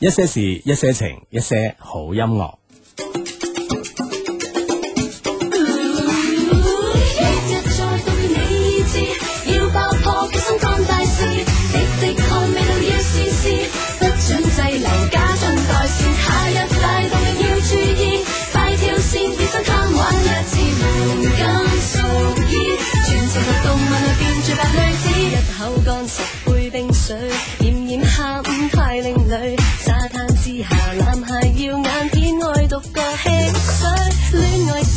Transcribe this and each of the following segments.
一些事，一些情，一些好音樂。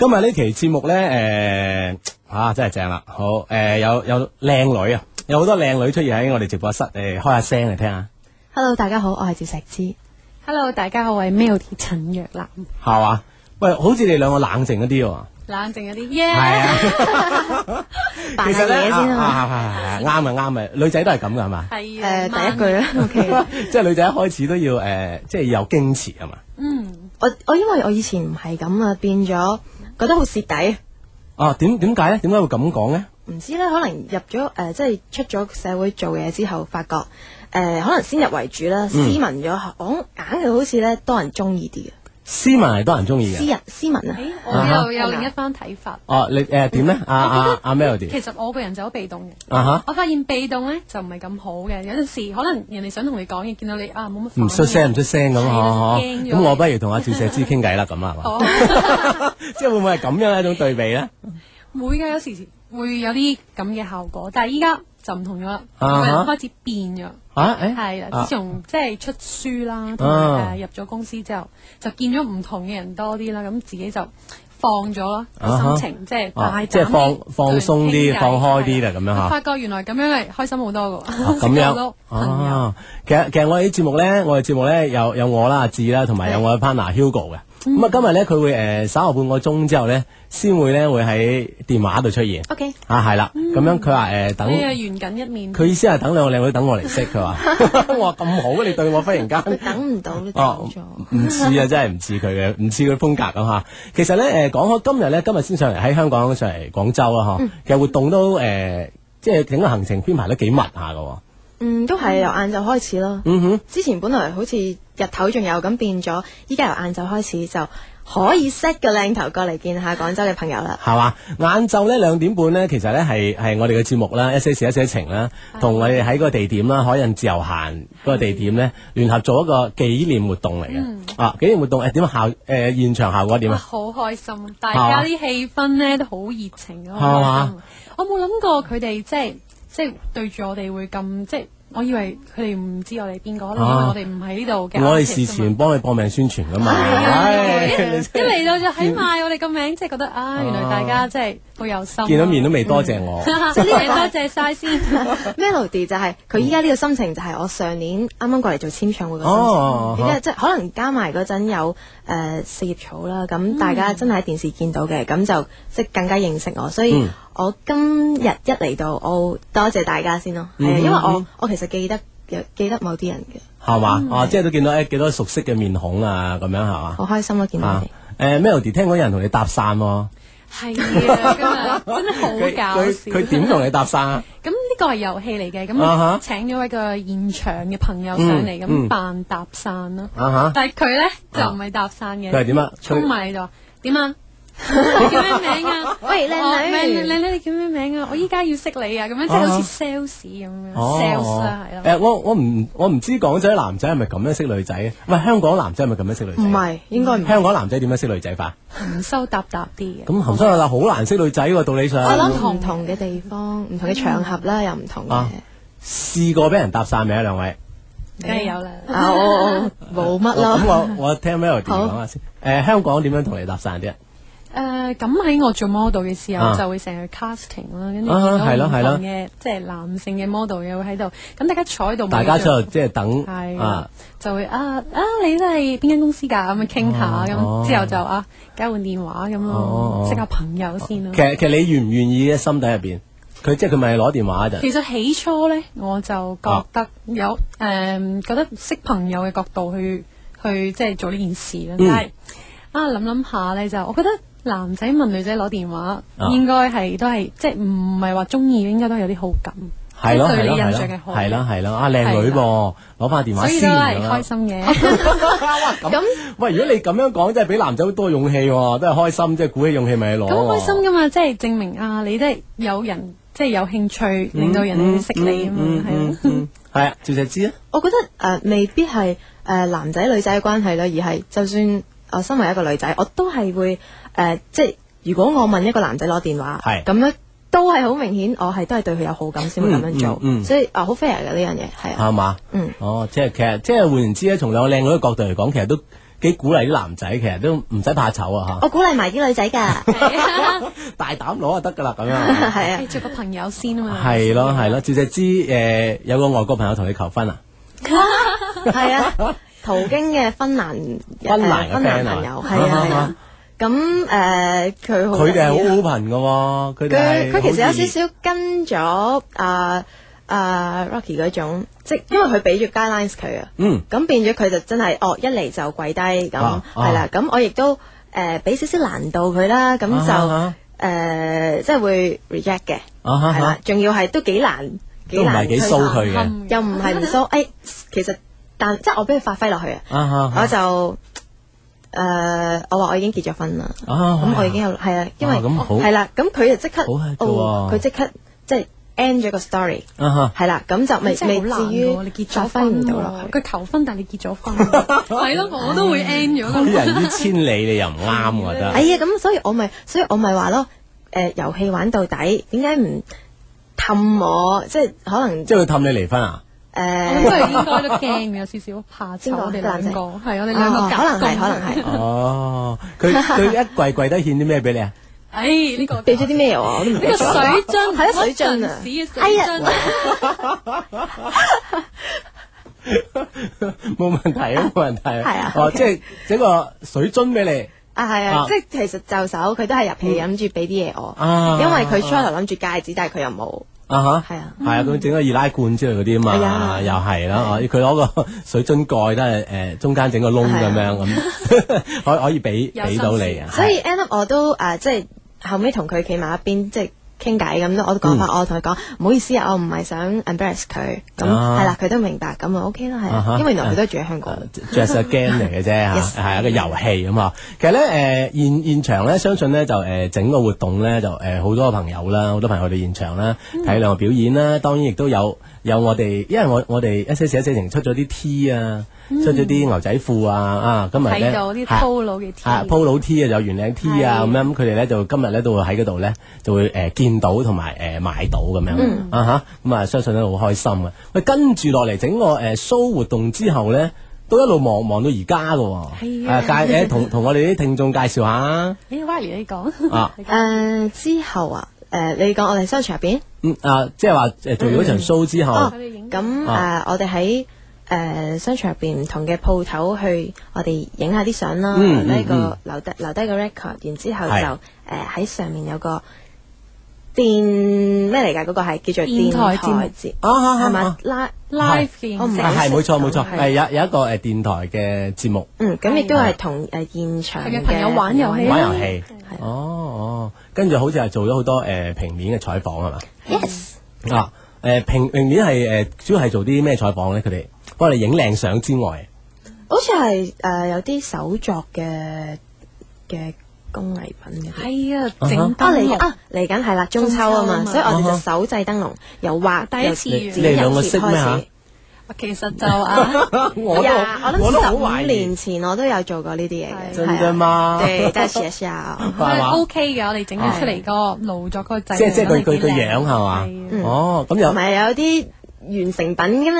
今日呢期節目咧，誒，啊，真係正啦！好，誒，有有靚女啊，有好多靚女出現喺我哋直播室，誒，開下聲嚟聽下。Hello，大家好，我係趙石之。Hello，大家好，我係 Melody 陳若蘭。係嘛？喂，好似你兩個冷靜一啲喎。冷靜一啲耶！係啊，其實嘢先咯，啱啊啱啊，女仔都係咁噶係嘛？係誒，第一句啦，OK。即係女仔一開始都要誒，即係要有矜持係嘛？嗯，我我因為我以前唔係咁啊，變咗。覺得好蝕底啊！啊點解咧？點解會咁講咧？唔知咧，可能入咗誒、呃，即係出咗社會做嘢之後，發覺誒、呃，可能先入為主啦，嗯、斯文咗，講硬係好似咧多人中意啲嘅。斯文係多人中意嘅，斯文，斯文啊！我又有另一番睇法。哦，你誒點咧？阿阿阿 Melody，其實我個人就好被動嘅。我發現被動咧就唔係咁好嘅，有陣時可能人哋想同你講嘢，見到你啊，冇乜，唔出聲唔出聲咁咯嗬。咁我不如同阿趙社資傾偈啦，咁啊嘛。即係會唔會係咁樣一種對比咧？會㗎，有時會有啲咁嘅效果，但係依家就唔同咗啦，開始變咗。啊，係、欸、啦，自從、啊、即係出書啦，同埋、啊、入咗公司之後，就見咗唔同嘅人多啲啦，咁、啊、哈自己就放咗啦，心情，即係大膽啲、啊，放鬆啲，放開啲啦，咁樣發覺原來咁樣係開心好多噶喎，咁、啊、樣 多啊！其實其實我哋啲節目咧，我哋節目咧有有，有，有有我啦、嗯，阿志啦，同埋有我嘅 partner Hugo 嘅。咁啊，今日咧佢會誒稍後半個鐘之後咧，先會咧會喺電話度出現。O K，啊係啦，咁樣佢話誒等，佢一面。佢意思係等兩個靚女等我嚟識，佢話我話咁好，你對我忽然間等唔到哦，唔似啊，真係唔似佢嘅，唔似佢風格咁吓。其實咧誒，講開今日咧，今日先上嚟喺香港上嚟廣州啦嗬，其實活動都誒，即係整個行程編排得幾密下噶。嗯，都係由晏晝開始囉。嗯哼，之前本來好似。日頭仲有咁變咗，依家由晏晝開始就可以 set 個靚頭過嚟見下廣州嘅朋友啦。係嘛？晏晝呢兩點半呢，其實呢係係我哋嘅節目啦，一些事一些情啦，同我哋喺嗰個地點啦，海印自由行嗰個地點呢，聯合做一個紀念活動嚟嘅。啊，紀念活動誒，點樣效誒？現場效果點啊？好開心，大家啲氣氛呢都好熱情啊！係嘛？我冇諗過佢哋即係即係對住我哋會咁即係。我以為佢哋唔知我哋邊個，因為我哋唔喺呢度嘅。我哋事前幫佢搏命宣傳噶嘛，一嚟到就喺賣我哋個名，即係覺得啊，啊原來大家真係好有心，啊。見到面都未多謝、謝我，即係多謝晒先。 Melody 就係佢依家呢個心情，就係我上年啱啱過嚟做簽唱會嘅心情。即係、哦哦、可能加埋嗰陣有。誒、呃、四葉草啦，咁大家真係喺電視見到嘅，咁、嗯、就即係更加認識我，所以我今日一嚟到，我多謝大家先咯。啊、嗯，因為我我其實記得記得某啲人嘅，係嘛吧，嗯、啊，即係都見到誒幾、哎、多熟悉嘅面孔啊，咁樣係嘛，好開心咯、啊、見到你。啊欸、Melody 聽講有人同你搭訕喎、哦。係啊， 真係好搞笑！佢佢點同你搭訕啊？咁呢 個係遊戲嚟嘅，咁請咗一個現場嘅朋友上嚟咁扮搭訕啦。但係佢咧就唔係搭訕嘅。佢係點啊？衝埋你就話點，uh huh. 啊？你叫咩名啊？喂，靚女，靚女，你叫咩名啊？我依家要識你啊！咁樣即係好似 sales 咁樣，sales 啊，係咯。誒，我我唔我唔知港仔男仔係咪咁樣識女仔嘅？喂，香港男仔係咪咁樣識女仔？唔係，應該唔係。香港男仔點樣識女仔法？含羞答答啲。咁含羞答答好難識女仔喎，道理上。我諗同唔同嘅地方，唔同嘅場合啦，又唔同嘅。試過俾人搭訕未啊？兩位梗係有啦。我我冇乜咯。咁我我聽 Melody 講下先。誒，香港點樣同你搭訕啫？誒，咁喺我做 model 嘅時候，就會成日 casting 啦，跟住唔同嘅即係男性嘅 model 又會喺度，咁大家坐喺度，大家就即係等，啊，就會啊啊，你都係邊間公司噶，咁啊傾下，咁之後就啊，交換電話咁咯，識下朋友先咯。其實其實你願唔願意咧？心底入邊，佢即係佢咪攞電話啊？其實起初咧，我就覺得有誒，覺得識朋友嘅角度去去即係做呢件事咯，但係啊諗諗下咧，就我覺得。男仔問女仔攞電話，啊、應該係都係即係唔係話中意，應該都有啲好感，即係、啊、對你印象嘅好。係啦係啦，阿靚、啊、女喎、啊，攞翻的電話先。係係開心嘅咁， 樣 喂，嗯、如果你咁樣講，即係俾男仔好多勇氣喎，都係開心，即係鼓起勇氣咪攞。咁、嗯、開心噶嘛，即係證明啊，你都係有人即係有興趣，令到人識你咁樣係咯。係啊，趙姐姐啊，我覺得誒、啊、未必係誒、啊、男仔女仔嘅關係咯，而係就算我身為一個女仔，我都係會。誒，即係如果我問一個男仔攞電話，係咁咧，都係好明顯，我係都係對佢有好感先會咁樣做，嗯，所以啊好 fair 嘅呢樣嘢，係啊，係嘛，嗯，哦，即係其實，即係換言之咧，從兩個靚女嘅角度嚟講，其實都幾鼓勵啲男仔，其實都唔使怕醜啊吓，我鼓勵埋啲女仔噶，大膽攞就得噶啦，咁樣係啊，做個朋友先啊嘛，係咯係咯，至少知誒有個外國朋友同你求婚啊，係啊，途經嘅芬蘭，芬蘭嘅朋友，係啊。咁誒佢好佢哋係好 open 嘅喎，佢佢、呃、其實有少少跟咗阿阿 Rocky 嗰種，即係因為佢俾住 guidelines 佢、嗯哦、啊，咁變咗佢就真係哦一嚟就跪低咁係啦，咁我亦都誒俾少少難度佢啦，咁就誒、啊啊呃、即係會 reject 嘅，係啦、啊，仲要係都幾難，難都唔係幾騷佢嘅，又唔係唔騷，誒、 哎、其實但即係我俾佢發揮落去啊 我，我就。誒，我話我已經結咗婚啦，咁我已經有係啊，因為係啦，咁佢就即刻，佢即刻即係 end 咗個 story，係啦，咁就未至於我哋結咗婚，唔到佢求婚但係你結咗婚，係咯，我都會 end 咗啦。推人於千里你又唔啱我覺得，哎呀，咁所以我咪所以我咪話咯，誒，遊戲玩到底，點解唔氹我？即係可能即係會氹你離婚啊？誒，真係應該都驚有少少怕醜。我哋兩個係我哋兩個，可能係可能係。哦，佢佢一跪跪都獻啲咩俾你啊？哎，呢個俾咗啲咩我？呢個水樽，係水樽啊！哎呀，冇問題啊，冇問題啊。係啊，哦，即係整個水樽俾你。啊，係啊，即係其實就手，佢都係入嚟諗住俾啲嘢我，因為佢初頭諗住戒指，但係佢又冇。啊吓，係、uh huh, 啊，係啊、嗯，咁整個易拉罐之類嗰啲啊嘛，哎、呀又係啦，佢攞、啊、個水樽蓋都係誒中間整個窿咁、啊、樣咁， 可可以俾俾到你啊。所以 end up 我都誒、呃、即係後尾同佢企埋一邊即係。傾偈咁我都講法，我同佢講，唔好意思啊，我唔係想 embarrass 佢，咁係啦，佢都明白，咁啊 OK 啦，係，因為原來佢都住喺香港，just a game 嚟嘅啫，吓，係一個遊戲咁啊。其實咧，誒現現場咧，相信咧就誒整個活動咧就誒好多朋友啦，好多朋友去到現場啦，睇兩個表演啦，當然亦都有有我哋，因為我我哋一些事一些情出咗啲 T 啊。着咗啲牛仔褲啊，啊，今日咧，啊，polo T 啊，有圓領 T 啊，咁樣，佢哋咧就今日咧都會喺嗰度咧，就會誒見到同埋誒買到咁樣，啊吓，咁啊相信都好開心啊。喂，跟住落嚟整個誒 show 活動之後咧，都一路望望到而家噶，係啊，介誒同同我哋啲聽眾介紹下。誒 y u 你講。誒之後啊，誒你講我哋商場入邊。啊，即係話誒做完嗰場 show 之後。咁誒我哋喺。誒商場入邊唔同嘅鋪頭，去我哋影下啲相啦。呢個留低留低個 record，然之後就誒喺上面有個電咩嚟㗎？嗰個係叫做電台節目，係嘛？live live 係冇錯冇錯係有有一個誒電台嘅節目。嗯，咁亦都係同誒現場嘅朋友玩遊戲，玩遊戲。哦哦，跟住好似係做咗好多誒平面嘅採訪係嘛？Yes 啊，誒平平面係誒主要係做啲咩採訪咧？佢哋幫你影靚相之外，好似係，誒有啲手作嘅嘅工藝品嘅，係啊，燈籠啊，嚟緊係啦中秋啊嘛，所以我哋就手製燈籠，又畫又貼，你哋兩個識咩啊？其實就啊，我都我都好懷念，年前我都有做過呢啲嘢嘅，真的嗎？對，真事實啊 OK 嘅，我哋整咗出嚟個勞作個制，即係即係佢佢個樣係嘛？哦，咁又唔係有啲。完成品㗎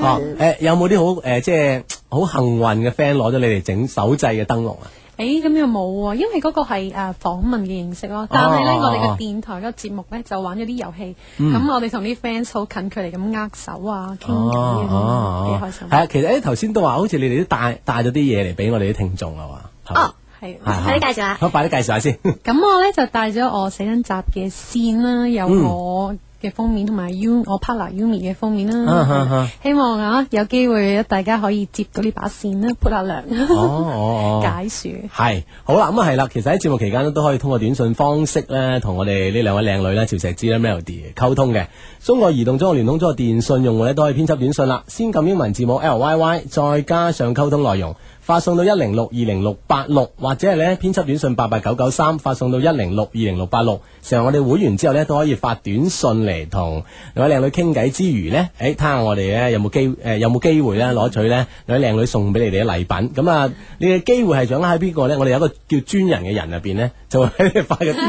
嘛？哦，有冇啲好誒，即係好幸運嘅 friend 攞咗你哋整手製嘅燈籠啊？誒咁又冇喎，因為嗰個係誒訪問嘅形式咯。但係咧，我哋嘅電台個節目咧就玩咗啲遊戲。咁我哋同啲 fans 好近距離咁握手啊，傾偈，幾開心。係啊，其實咧頭先都話，好似你哋都帶帶咗啲嘢嚟俾我哋啲聽眾啊嘛。哦，係，快啲介紹下。我快啲介紹下先。咁我咧就帶咗我死人雜嘅線啦，有我。嘅封面同埋 U 我 partner Umi 嘅封面啦，啊啊、希望啊有機會大家可以接到呢把線啦，潑下涼解暑係好啦。咁啊係啦，其實喺節目期間咧都可以通過短信方式咧同我哋呢兩位靚女咧，趙石姿咧 Melody 溝通嘅。中國移動、中國聯通、中國電信用戶咧都可以編輯短信啦。先撳英文字母 L Y Y，再加上溝通內容。發送到一零六二零六八六或者係咧編輯短信八八九九三，發送到一零六二零六八六。成日我哋會員之後咧都可以發短信嚟同兩位靚女傾偈之餘咧，誒睇下我哋咧有冇機誒有冇機、呃、會咧攞取咧兩位靚女送俾你哋嘅禮品咁啊、嗯、你嘅機會係掌握喺邊個咧？我哋有一個叫專人嘅人入邊咧，就會喺你哋發嘅短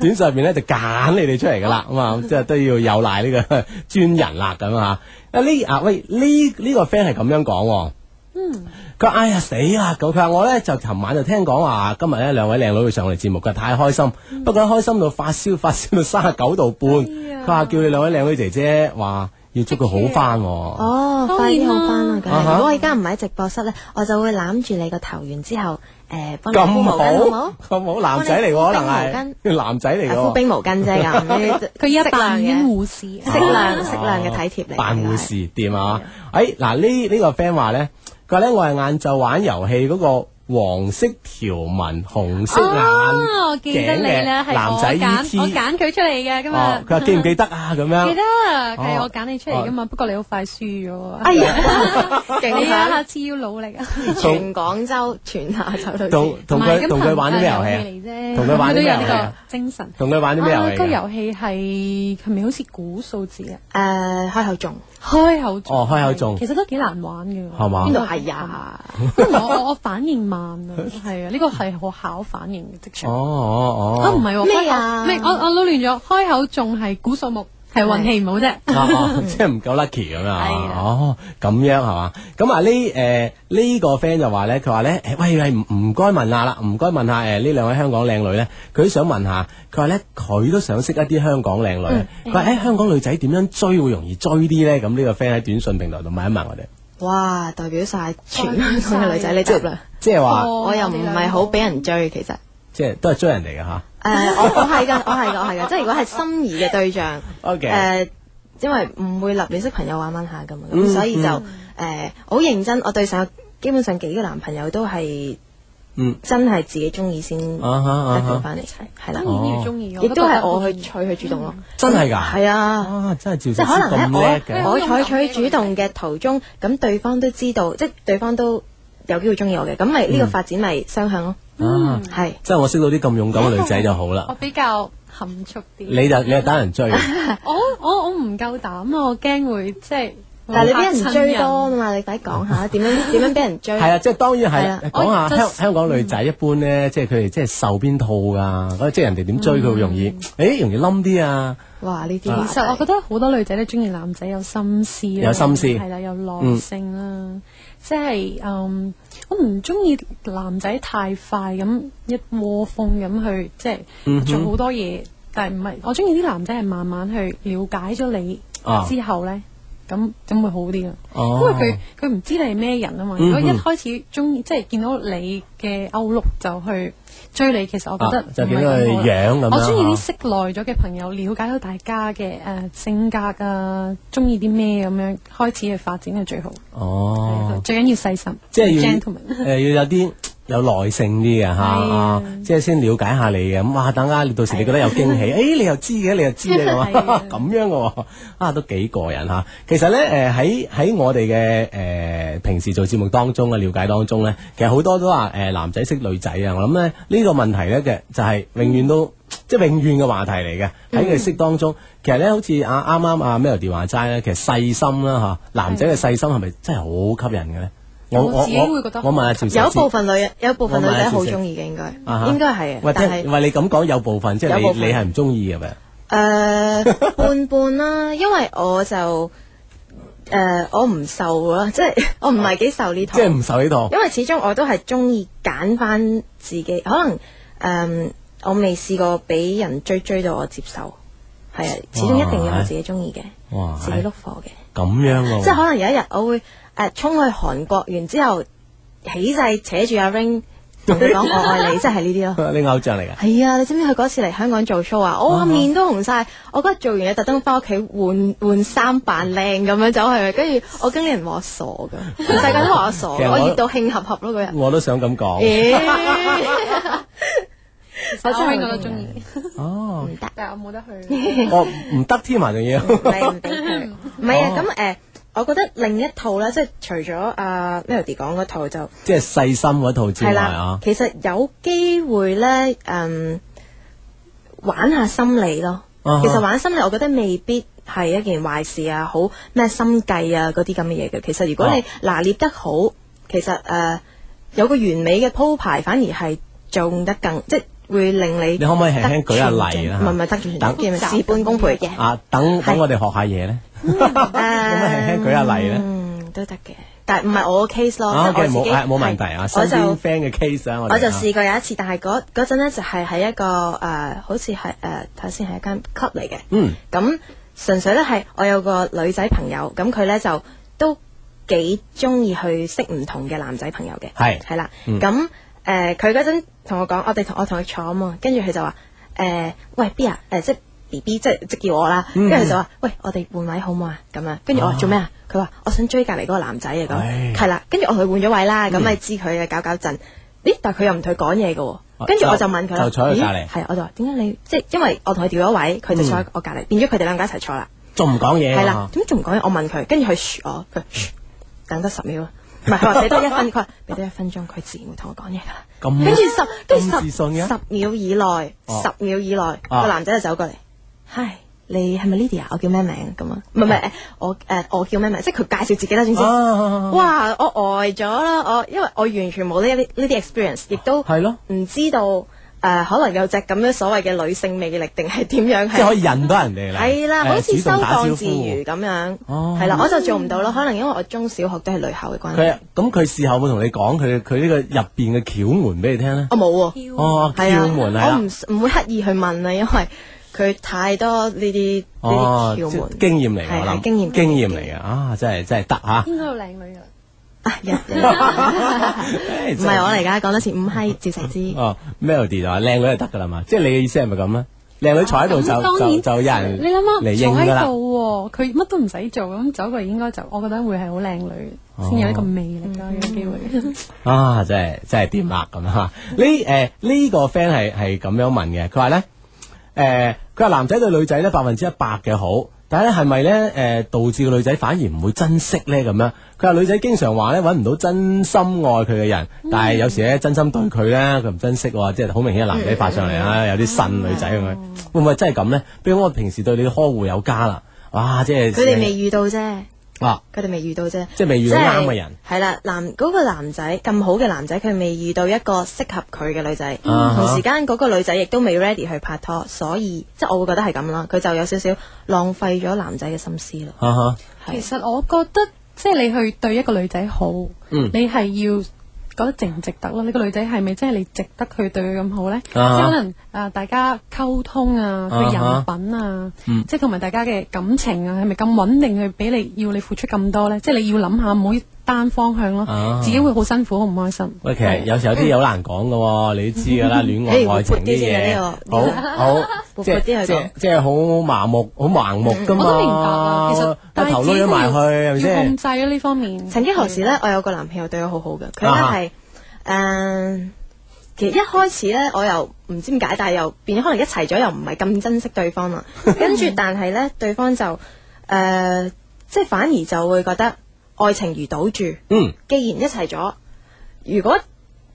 短信入邊咧就揀你哋出嚟噶啦，咁啊即係都要有賴呢個專人啦咁、嗯嗯、啊啊呢啊喂呢呢、這個 friend 係咁樣講。嗯，佢話哎呀死啊！佢佢話我咧就琴晚就聽講話今日咧兩位靚女會上嚟節目㗎，太開心。不過開心到發燒，發燒到三十九度半。佢話叫你兩位靚女姐姐話要祝佢好翻。哦，快啲好翻啦！如果我而家唔喺直播室咧，我就會攬住你個頭，完之後誒幫你敷毛巾，好冇？咁好男仔嚟，可能係男仔嚟，敷冰毛巾啫咁。佢佢一扮護士，適量適量嘅體貼嚟。扮護士掂啊！誒嗱呢呢個 friend 話咧。我係晏晝玩遊戲嗰個黃色條紋紅色眼我得頸嘅男仔，哦，我我揀佢出嚟嘅今日。佢話、哦、記唔記得啊？咁樣記得，係、哦、我揀你出嚟㗎嘛？哦、不過你好快輸咗。哎呀， 你下次要努力啊！全廣 州全下晝到同佢同佢玩啲咩遊戲嚟啫？同佢玩都有呢個精神。同佢玩啲咩遊戲？個遊戲係咪好似估數字啊？誒、那個，是是 uh, 開口中。開口仲哦，開口仲，其實都幾難玩嘅，係嘛嗎？邊度係啊？哎、呀 我我反應慢 啊，係啊，呢個係學考反應嘅職場。哦哦哦，啊唔係，咩啊？咩、啊？我我撈亂咗，開口仲係估數目。係運氣唔好啫對、 哦，即係唔夠 lucky 咁樣！的哦，咁樣係嘛？咁啊、呃這個、呢？誒呢個 friend 就話咧，佢話咧，誒喂喂，唔該問下啦，唔該問下誒呢兩位香港靚女咧，佢想問下，佢話咧佢都想識一啲香港靚女，佢話誒香港女仔點樣追會容易追啲咧？咁呢個 friend 喺短信平台度問一問我哋。哇！代表晒全香港嘅女仔， 你接啦！即係話、oh, 我又唔係好俾人追，其實即係都係追人嚟嘅吓。誒，我我係噶，我係噶，我係噶，即係如果係心儀嘅對象，誒，因為唔會立亂識朋友玩玩下噶嘛，咁所以就誒，好認真，我對上基本上幾個男朋友都係，嗯，真係自己中意先，啊啊啊，得翻嚟一係啦，當然要中意咯，亦都係我去取去主動咯，真係噶，係啊，啊，真係照，即係可能咧，我我採取主動嘅途中，咁對方都知道，即係對方都有機會中意我嘅，咁咪呢個發展咪雙向咯。啊，係，即係我識到啲咁勇敢嘅女仔就好啦。我比較含蓄啲，你就你係等人追。我我我唔夠膽啊，我驚會即係。但係你俾人追多啊嘛？你快講下點樣點樣俾人追？係啊，即係當然係。講下香香港女仔一般咧，即係佢哋即係受邊套噶，即係人哋點追佢會容易，誒，容易冧啲啊。哇，呢啲，其實我覺得好多女仔都中意男仔有心思，有心思係啦，有耐性啦。即係、就是、嗯，我唔中意男仔太快咁一窩蜂咁去，即、就、係、是、做好多嘢。嗯、哼但係唔係我中意啲男仔係慢慢去了解咗你、啊、之後咧，咁咁會好啲嘅。啊、因為佢佢唔知你係咩人啊嘛。嗯、哼如果一開始中意，即係見到你嘅歐陸就去。追你，其實我覺得、啊啊、就俾佢養。咁我中意啲識耐咗嘅朋友，啊、了解到大家嘅誒、呃、性格啊，中意啲咩咁樣，開始去發展係最好。哦，最緊要細心，即係要誒 gentleman、呃、要有啲。 有耐性啲嘅吓，即係先了解下你嘅，咁啊！等下到時你覺得有驚喜，誒、 哎，你又知嘅，你又知嘅，咁、 啊、 樣嘅，啊，都幾過癮吓、啊！其實咧，誒、呃，喺喺我哋嘅誒平時做節目當中嘅了解當中咧，其實好多都話誒男仔識女仔啊！我諗咧呢、這個問題咧嘅就係、是、永遠都、嗯、即係永遠嘅話題嚟嘅喺佢哋識當中，其實咧好似啊啱啱阿 Melody 話齋咧，其實細心啦吓、啊，男仔嘅細心係咪真係好吸引嘅咧？我自己會覺得，我問下有一部分女有部分女仔好中意嘅，應該應該係啊。但係，喂，你咁講有部分，即係你你係唔中意嘅咩？誒半半啦，因為我就誒我唔受啊，即係我唔係幾受呢套。即係唔受呢套，因為始終我都係中意揀翻自己，可能誒我未試過俾人追追到我接受。係啊，始終一定要我自己中意嘅，自己碌貨嘅。咁樣，即係可能有一日我會。誒、呃，衝去韓國完之後，起勢扯住阿 Ring，同佢講我愛你，即係呢啲咯。 你偶像嚟嘅。係啊，你知唔知佢嗰次嚟香港做 show 啊？我面都紅晒，我嗰日做完嘢，特登翻屋企換換衫扮靚咁樣走去，跟住我經理人話我傻噶，世界都話我傻，我熱到慶合合咯嗰日。我都想咁講。我中意我都中意。哦。唔得，我冇得去。我唔得添埋仲要。唔係啊，咁誒。我覺得另一套咧，即係除咗阿 Melody 講嗰套就，即係細心嗰套之外啊，其實有機會咧，嗯，玩下心理咯。其實玩心理，我覺得未必係一件壞事啊，好咩心計啊，嗰啲咁嘅嘢嘅。其實如果你拿捏得好，其實誒，有個完美嘅鋪排，反而係做得更，即係會令你。你可唔可以輕輕舉下例啦？唔係唔係，得等事半功倍嘅。啊，等等我哋學下嘢咧。咁、uh, ah, 啊，舉下例咧，嗯，都得嘅，但係唔係我嘅 case 咯，啊，冇冇問題啊，身邊 friend 嘅 case 啊，我就試過有一次，但係嗰陣咧就係喺一個誒、呃，好似係誒，頭先係一間 club 嚟嘅，嗯，咁純粹咧係我有個女仔朋友，咁佢咧就都幾中意去識唔同嘅男仔朋友嘅，係，係啦，咁誒、嗯嗯，佢嗰陣同我講，我哋同我同佢坐啊嘛，跟住佢就話誒、呃，喂 B 啊，誒即。B B 即係即叫我啦，跟住就話：喂，我哋換位好唔好啊？咁樣跟住我話做咩啊？佢話：我想追隔離嗰個男仔啊！咁係啦，跟住我同佢換咗位啦，咁咪知佢嘅搞搞震。咦？但係佢又唔同佢講嘢嘅喎。跟住我就問佢，就坐喺隔離，係，我就話：點解你即係因為我同佢調咗位，佢就坐喺我隔離，變咗佢哋兩個一齊坐啦。仲唔講嘢？係啦，點解仲唔講嘢？我問佢，跟住佢噓我佢噓等得十秒，唔係佢話俾多一分，佢話俾多一分鐘，佢自然會同我講嘢啦。咁跟住十跟住十十秒以內，十秒以內個男仔就走過嚟。嗨，你係咪 Lily 啊？我叫咩名咁啊？唔係唔係，我誒，我叫咩名？即係佢介紹自己啦，總之。哇，我呆咗啦！我因為我完全冇呢啲呢啲 experience，亦都係咯，唔知道誒，可能有隻咁樣所謂嘅女性魅力，定係點樣？即係可以引到人哋啦。係啦，好似收放自如咁樣。哦。係啦，我就做唔到咯。可能因為我中小學都係女校嘅關係。佢咁，佢事後會同你講佢佢呢個入邊嘅竅門俾你聽咧。我冇喎。哦，竅門我唔唔會刻意去問啊，因為。佢太多呢啲呢啲竅門經驗嚟，嘅，啦，經驗經驗嚟嘅啊，真係真係得啊！應該有靚女啊，唔係我嚟噶，講多次唔係趙成之哦，Melody 就話，靚女就得噶啦嘛，即係你嘅意思係咪咁啊？靚女坐喺度就當然就有人，你諗下你坐喺度，佢乜都唔使做，咁走過嚟應該就，我覺得會係好靚女，先有呢個魅力嘅機會。啊，真係真係掂啦咁吓，呢誒呢個 friend 係係咁樣問嘅，佢話咧。.誒，佢話、呃、男仔對女仔咧百分之一百嘅好，但係咧係咪咧誒導致個女仔反而唔會珍惜咧咁樣？佢話女仔經常話咧搵唔到真心愛佢嘅人，嗯、但係有時咧真心對佢咧佢唔珍惜、哦，即係好明顯係男仔發上嚟啦，嗯、有啲信女仔咁樣，嗯、會唔會真係咁咧？比如我平時對你嘅呵護有加啦，哇，即係佢哋未遇到啫。佢哋、啊、未遇到啫，即係是未遇到啱嘅人。係啦，男嗰、嗰個男仔咁好嘅男仔，佢未遇到一個適合佢嘅女仔。嗯、同時間嗰個女仔亦都未 ready 去拍拖，所以即係我會覺得係咁啦。佢就有少少浪費咗男仔嘅心思咯。嗯、是其實我覺得即係你去對一個女仔好，嗯、你係要。覺得值唔值得咯？你、這個女仔係咪真係你值得佢對佢咁好咧？即係、uh huh. 可能啊、呃，大家溝通啊，佢人品啊，uh huh. 即係同埋大家嘅感情啊，係咪咁穩定去俾你要你付出咁多咧？即係你要諗下，唔好。單方向咯，自己會好辛苦，好唔開心。喂，其實有時有啲有難講噶，你知噶啦，戀愛愛情啲嘢。好，好，即係即係好麻木，好盲目噶嘛。我都明白啊。其實，咗埋去，控制咗呢方面。曾經何時咧，我有個男朋友對我好好噶，佢咧係誒，其實一開始咧我又唔知點解，但係又變咗可能一齊咗又唔係咁珍惜對方啦。跟住但係咧，對方就誒，即係反而就會覺得。愛情如賭注，嗯，既然一齊咗，如果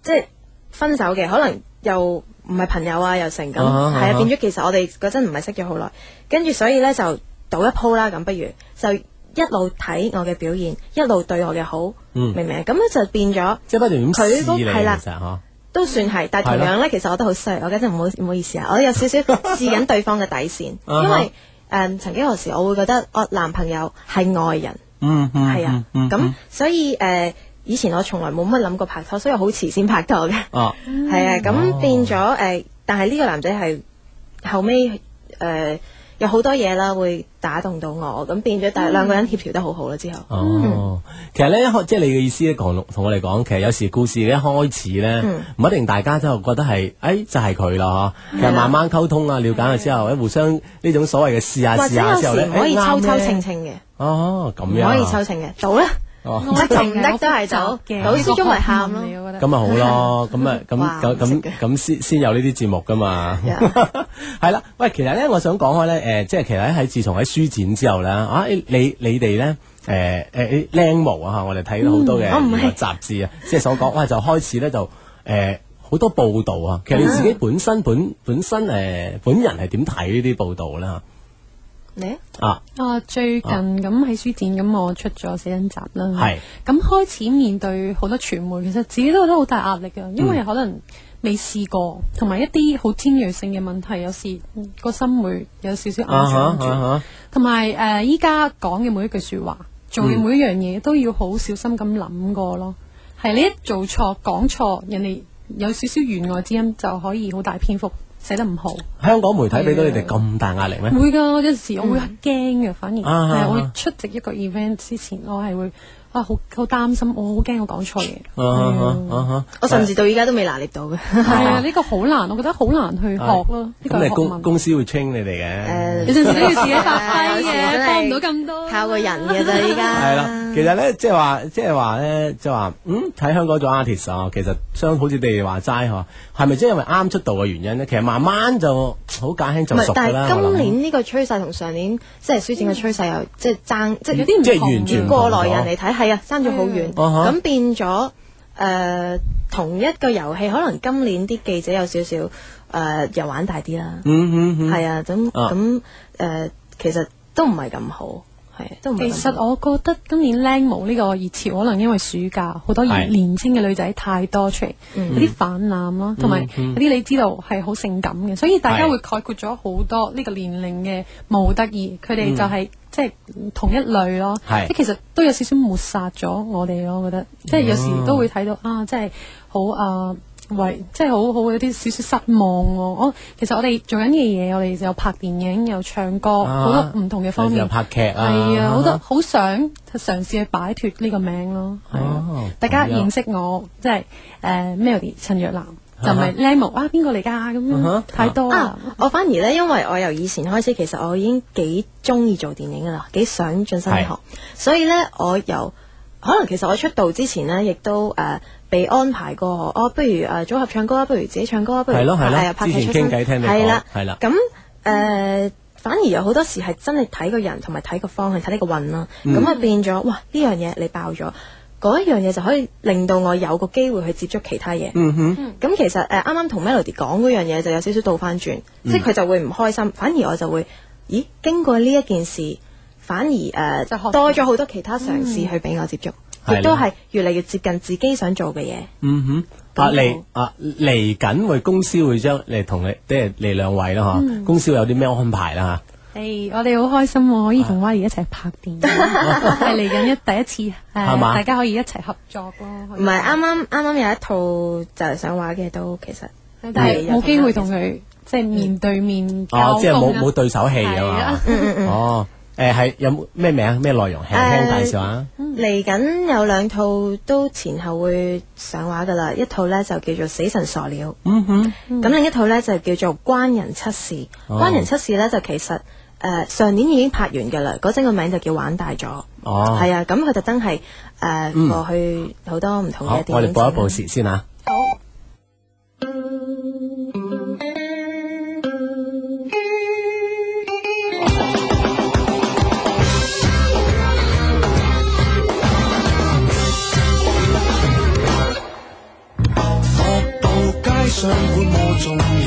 即係分手嘅，可能又唔係朋友啊，又成咁，係啊，變咗。其實我哋嗰陣唔係識咗好耐，跟住所以咧就賭一鋪啦。咁不如就一路睇我嘅表現，一路對我嘅好，明唔明？咁樣就變咗，即係不斷咁試你，係啦，都算係。但係同樣咧，其實我都好衰，我家陣唔好唔好意思啊，我有少少試緊對方嘅底線，因為誒曾經嗰時我會覺得我男朋友係外人。嗯，嗯，係啊，咁所以誒，以前我從來冇乜諗過拍拖，所以我好遲先拍拖嘅。哦，係啊，咁變咗誒，但係呢個男仔係後尾誒，有好多嘢啦，會打動到我，咁變咗，但係兩個人協調得好好啦。之後哦，其實咧，即係你嘅意思咧，同同我嚟講，其實有時故事嘅開始咧，唔一定大家就覺得係誒，就係佢啦。其實慢慢溝通啊，了解啊之後咧，互相呢種所謂嘅試下試下嘅時候咧，可以抽抽清清嘅。哦，咁樣可以收成嘅到啦，我情敵都係賭，賭之中咪喊咯，咁咪好咯，咁咪咁咁咁先先有呢啲節目噶嘛，係啦，喂，其實咧我想講開咧，誒，即係其實喺自從喺書展之後咧，啊，你你哋咧，誒誒，靚模啊吓，我哋睇到好多嘅雜誌啊，即係所講，喂，就開始咧就誒好多報道啊，其實你自己本身本本身誒本人係點睇呢啲報道咧？嚟啊！啊最近咁喺、啊、書展咁，我出咗寫真集啦。係咁是開始面對好多傳媒，其實自己都覺得好大壓力噶，嗯、因為可能未試過，同埋一啲好尖銳性嘅問題，有時個心會有少少壓住。同埋誒，依家講嘅每一句說話，做嘅每一樣嘢，都要好小心咁諗過咯。係、嗯、你一做錯、講錯，人哋有少少弦外之音，就可以好大篇幅。寫得唔好，香港媒體俾到是的 你哋咁大壓力咩？會㗎，有時我會係驚嘅，嗯、反而係、啊、哈 我出席一個 event 之前，我係會。好好擔心，我好驚我講錯嘢。我甚至到依家都未拿捏到嘅。係啊，呢個好難，我覺得好難去學咯。呢個公司會 train 你哋嘅。有陣時都要自己發揮嘅，幫唔到咁多。靠個人嘅啦依家。係咯，其實咧，即係話，即係話咧，即係話，嗯，睇香港做 artist 啊，其實相好似你哋話齋呵，係咪即係因為啱出道嘅原因咧？其實慢慢就好駕輕就熟。但係今年呢個趨勢同上年即係書展嘅趨勢又即係爭，即係有啲唔完全過來人嚟睇係。生咗好遠，咁、嗯哦、變咗誒、呃、同一個遊戲，可能今年啲記者有少少誒又玩大啲啦、嗯。嗯嗯嗯，係啊，咁咁誒其實都唔係咁好，係都唔。其實我覺得今年靚模呢個熱潮，可能因為暑假好多年年輕嘅女仔太多出，嚟是，嗯、有啲泛濫啦，同埋、嗯、有啲你知道係好性感嘅，所以大家會概括咗好多呢個年齡嘅模特兒，佢哋就係、是。即係同一類咯，即係是其實都有少少抹殺咗我哋咯，我覺得即係有時都會睇到啊，即係好啊為即係好好有啲少少失望喎、啊。我、啊、其實我哋做緊嘅嘢，我哋有拍電影、又唱歌，好、啊、多唔同嘅方面，有拍劇啊，係啊，好、啊、多好想嘗試去擺脫呢個名咯。係啊，啊大家認識我，一即係誒、uh, Melody 陳若男。就咪靚模啊，邊個嚟噶咁樣，太多啊！我反而咧，因為我由以前開始，其實我已經幾中意做電影噶啦，幾想進身學，所以咧我由可能其實我出道之前咧，亦都誒被安排過，我不如誒組合唱歌啊，不如自己唱歌啊，不如係咯係咯，之前傾偈聽你講係啦係啦，咁誒反而有好多時係真係睇個人同埋睇個方向，睇呢個運啦，咁啊變咗哇呢樣嘢你爆咗。嗰一樣嘢就可以令到我有個機會去接觸其他嘢。咁、嗯、哼其實誒啱、呃、啱同 Melody 講嗰樣嘢就有少少倒翻轉，即係佢就會唔開心，反而我就會，咦？經過呢一件事，反而誒、呃、多咗好多其他嘗試去俾我接觸，亦、嗯、哼都係越嚟越接近自己想做嘅嘢。嗯哼，我啊嚟啊嚟緊會公司會將嚟同你，你，即係你兩位啦嚇，嗯、公司會有啲咩安排啦嚇。誒，我哋好開心可以同威爺一齊拍電影，係嚟緊一第一次，係大家可以一齊合作咯。唔係，啱啱啱啱有一套就係上畫嘅，都其實，但係冇機會同佢即係面對面。即係冇冇對手戲啊嘛？哦，誒係，有冇咩名？咩內容？輕輕介紹下。嚟緊有兩套都前後會上畫噶啦，一套咧就叫做《死神傻了》，咁另一套咧就叫做《關人七事》。關人七事咧就其實。誒，uh, 上年已經拍完㗎喇，嗰陣個名就叫玩大咗，係、uh. 啊，咁佢特登係誒，過、uh, mm. 去好多唔同嘅電影、uh. 嗯。我哋播一部試先啦、啊。好、uh. 嗯。嗯嗯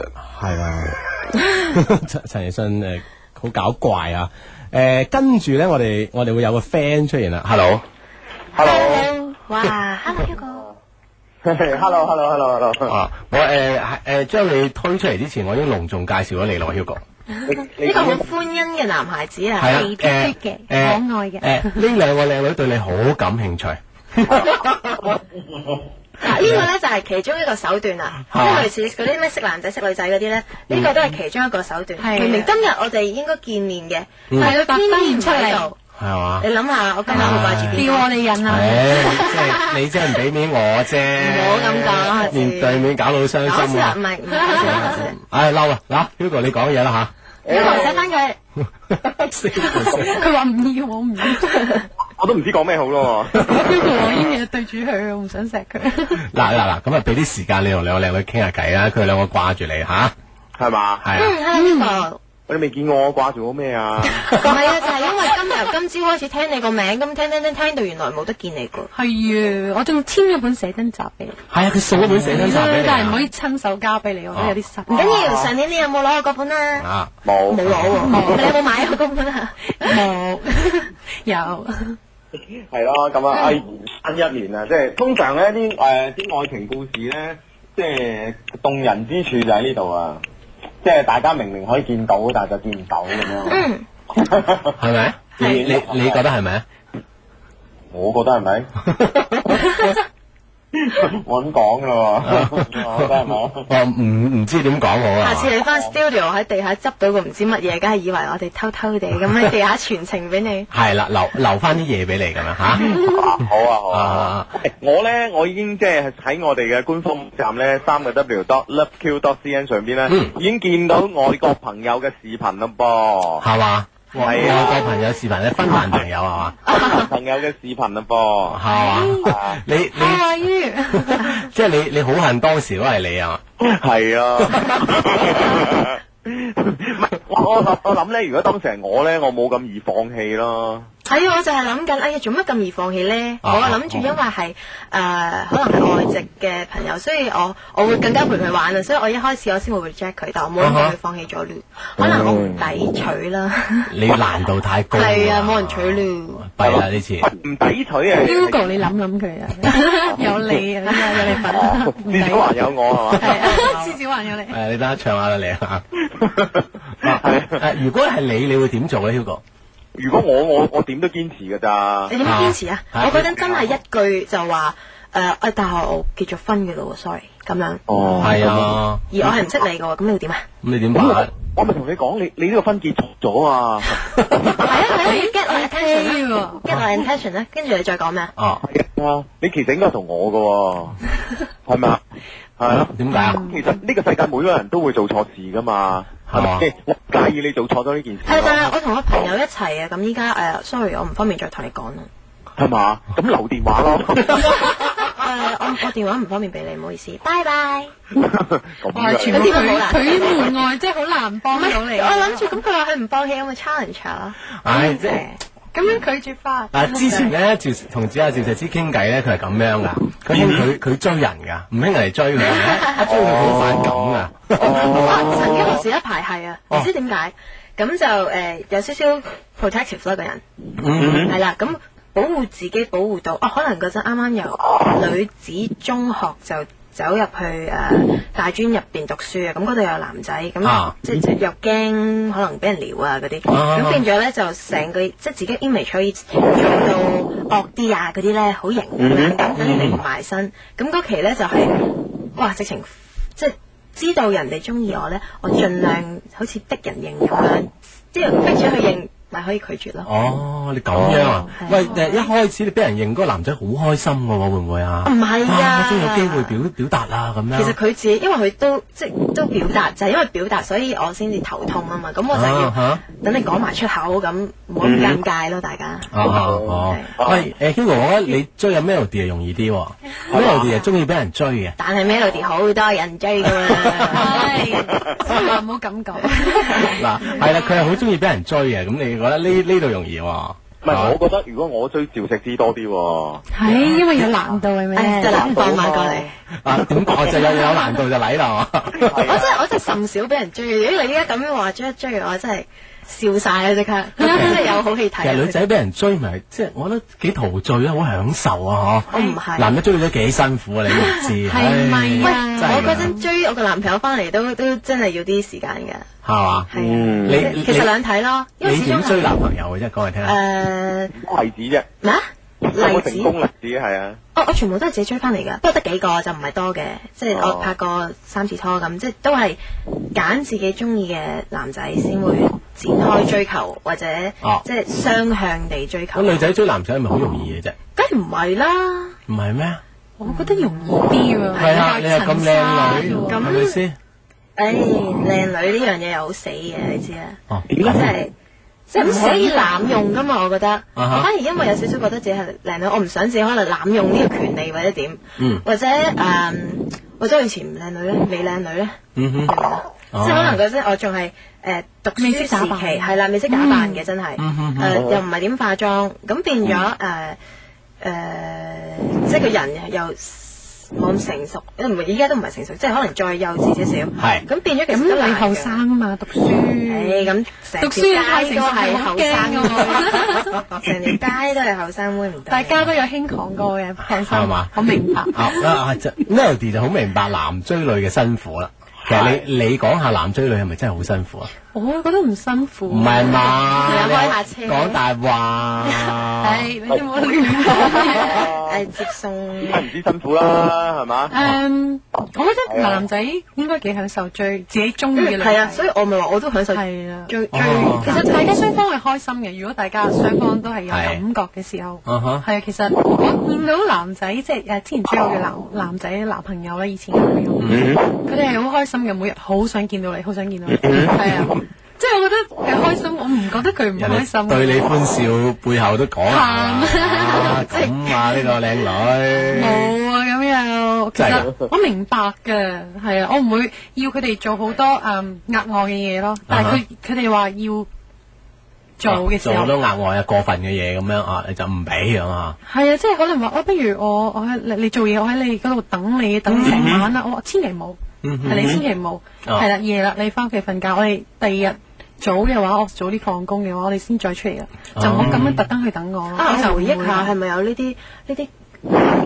係啦，陳奕迅誒，好、呃、搞怪啊！誒、呃，跟住咧，我哋我哋會有個 friend 出現啦，Hello，Hello，哇，Hello Hugo，Hello，Hello，Hello，Hello，啊，我誒誒將你推出嚟之前，我已經隆重介紹咗你羅 Hugo，呢個好歡欣嘅男孩子啊，皮膚色嘅，你呃、可愛嘅，誒、 呃，呢兩個靚女對你好感興趣。 嗱，呢個咧就係其中一個手段啦，即係類似嗰啲咩識男仔識女仔嗰啲咧，呢個都係其中一個手段。明明今日我哋應該見面嘅，係咯，竟然出嚟，係嘛？你諗下，我今晚會掛住邊個女人啊？你真係唔俾面我啫。唔好咁講，面對面搞到好傷心啊！唔係，哎嬲啊！嗱，Hugo，你講嘢啦嚇。因為想翻佢，佢話唔要我唔要，我，要 我都唔知講咩好咯。 我朝同我煙嘢對住佢，我唔想錫佢。嗱嗱嗱，咁啊俾啲時間你同兩個靚女傾下偈啦，佢哋兩個掛住你吓，係嘛？係啊你未見過我掛住我咩啊？唔 係 啊，就係、是、因為今日由今朝開始聽你個名，咁聽，聽聽聽聽到，原來冇得見你個你。係啊，啊，啊，啊，啊，我仲簽咗本寫真集俾你。係啊，佢送咗本寫真集，但係唔可以親手交俾你，我覺得有啲失。唔緊要，上年你有冇攞過嗰本啊，啊，啊？啊，冇，冇攞喎。你有冇買過嗰本啊？冇，有。係咯，咁啊，唉，新一年啊，即係通常咧啲誒啲愛情故事咧，即係動人之處就喺呢度啊。即係大家明明可以見到，但係就見唔到咁樣，嗯，係咪？你你你覺得係咪？我覺得係咪？ 搵講嘅喎，得唔得啊？我唔唔知點講好啊！啊，下次你翻 studio 喺地下執到個唔知乜嘢，梗係以為我哋偷偷哋，咁喺地下全程俾你係啦，留留翻啲嘢俾你咁樣吓。好啊，好啊，啊 我咧，我已經即係喺我哋嘅官方站咧，三個 w dot love q dot cn 上邊咧，嗯、已經見到外國朋友嘅視頻啦，噃係嘛。喂，我個哇、啊、朋友視頻咧分男朋友係嘛，朋友嘅視頻啊噃，係嘛吧、啊，你、啊、 即你即係你你好恨當時都係你啊嘛，係啊，唔係 我我諗咧，如果當時係我咧，我冇咁易放棄咯。係、哎，我就係諗緊，哎呀，做乜咁易放棄咧？啊、我諗住因為係誒、呃，可能係外籍嘅朋友，所以我我會更加陪佢玩啊，所以我一開始我先會 reject 佢，但我冇諗住佢放棄咗，可能我唔抵娶啦。嗯、取你難度太高，係啊，冇人娶你想想。弊啦呢次唔抵娶啊，Hugo，你諗諗佢啊，有你啊，有你份。至少、oh, 還我有我係嘛？係，至少還有你。 uh, 你等下唱下啦，你 啊。如果係你，你會點做咧，Hugo？如果我我我點都堅持㗎咋？你點樣堅持啊？我嗰陣真係一句就話誒，哎，但係我結咗婚嘅咯，sorry，咁樣。哦，係啊。而我係唔識你㗎喎，咁你要點啊？咁你點辦？我咪同你講，你你呢個婚結咗啊？係啊係啊，get 我 intention 喎，get 我 intention 咧，跟住你再講咩啊？啊啊，你其實應該係同我㗎喎，係咪啊？係咯，點解啊？其實呢個世界每個人都會做錯事㗎嘛。係嘛？我介意你做錯咗呢件事。係，但係我同我朋友一齊啊，咁依家誒，sorry，我唔方便再同你講啦。係嘛？咁留電話咯。誒，我電話唔方便俾你，唔好意思。拜拜。佢呢？門外即係好難幫到你。我諗住咁，佢話佢唔放棄咁嘅 challenge 啦。唉，即咁樣拒絕翻？啊！之前咧，趙同子啊，趙石之傾偈咧，佢係咁樣噶，佢佢佢追人噶，唔興人嚟追佢，一 追佢好反感噶。曾經我試一排係啊，唔知點解，咁、oh. 就誒、呃、有少少 protective 一個人，係啦、mm，咁、hmm. 保護自己保護到，哦、啊，可能嗰陣啱啱由女子中學就。走入去誒大專入邊讀書那那啊，咁嗰度有男仔，咁即即又驚可能俾人撩啊嗰啲，咁變咗呢，就成個即自己 image 做到惡啲啊嗰啲呢，好型，咁等等唔埋身，咁嗰期呢，就係，就係哇直情即知道人哋中意我呢，我盡量好似逼人認咁，即逼住去認。咪可以拒絕咯。哦，你咁樣，喂，一開始你俾人認嗰個男仔好開心嘅喎，會唔會啊？唔係啊，先有機會表表達啦，咁樣。其實佢自己，因為佢都即係都表達，就係因為表達，所以我先至頭痛啊嘛。咁我就要等你講埋出口，咁冇咁尷尬咯，大家。哦，喂，誒，Hugo，我覺得你追阿 Melody 容易啲，Melody 係中意俾人追嘅。但係 Melody 好多人追嘅喎，唔好咁講。嗱，係啦，佢係好中意俾人追嘅，咁你。我覺得呢呢度容易喎，唔係我覺得如果我追趙食之多啲喎，係因為有難度嘅咪，即係難過埋過嚟，啊點講就有有難度就嚟啦！我真係我真係甚少俾人追，如果你依家咁樣話追一追我真係～笑曬啊！即刻真係有好戲睇。其實女仔俾人追咪即係，我覺得幾陶醉啦，好享受啊！嗬，我唔係男仔追咗幾辛苦啊！你都知係咪啊？我嗰陣追我個男朋友翻嚟都都真係要啲時間㗎。係嘛？係啊，其實兩睇咯，你點追男朋友嘅啫？講嚟聽下。誒，牌子啫。咩？例子例子，係啊，哦，我全部都係自己追翻嚟噶不過得幾個就唔係多嘅，即係我拍過三次拖咁，即係都係揀自己中意嘅男仔先會展開追求或者，哦，即係雙向地追求。咁女仔追男仔係咪好容易嘅啫？梗係唔係啦。唔係咩？我覺得容易啲喎，係啦，你又咁靚女，係咪先？唉，靚女呢樣嘢又好死嘅，你知啦，如果真係。即係唔可以濫用噶嘛，我覺得。Uh huh. 我反而因為有少少覺得自己係靚女，我唔想自己可能濫用呢個權利或者點，mm. 或者誒，uh, 我都以前唔靚女咧，未靚女咧，mm hmm. mm. 即係可能嗰陣我仲係誒讀書時期，係啦，未識打扮嘅真係，誒、mm hmm. 呃、又唔係點化妝，咁、mm hmm. 變咗誒誒，即係個人又。我唔成熟，唔係依家都唔係成熟，即係可能再幼稚少少。係是。咁變咗其實都難嘅。咁你後生啊嘛，讀書。咁讀書嘅太多係後生㗎嘛，成條街都係後生妹，得大家都有輕狂過嘅，放心。係嘛、嗯？吧我明白。啊，就 Melody 就好明白男追女嘅辛苦啦。啊、其實你你講下男追女係咪真係好辛苦啊？我覺得唔辛苦。唔係嘛？開下車。講大話。誒，你都冇亂講啲。誒，接送。唔知辛苦啦，係嘛？誒，我覺得男仔應該幾享受追自己中意嘅。係啊，所以我咪話我都享受。係啊，追。其實大家雙方係開心嘅，如果大家雙方都係有感覺嘅時候。嗯，係啊，其實我見到男仔即係誒之前追我嘅男男仔男朋友咧，以前嘅佢哋係好開心嘅，每日好想見到你，好想見到你，係啊。即係我覺得佢開心，我唔覺得佢唔開心。對你歡笑背後都講啊！咁啊，呢個靚女冇啊咁樣。其實我明白㗎，係啊，我唔會要佢哋做好多誒額外嘅嘢咯。但係佢佢哋話要做嘅時候，做好多額外啊過分嘅嘢咁樣啊，你就唔俾啊嘛。係啊，即係可能話哦，不如我我喺你做嘢，我喺你嗰度等你等成晚啦。我話千祈冇，係你千祈冇，係啦夜啦，你返屋企瞓覺。我哋第二日。早嘅話，我早啲放工嘅話，我哋先再出嚟啦，就唔好咁樣特登去等我。啊，我係回憶下係咪有呢啲呢啲，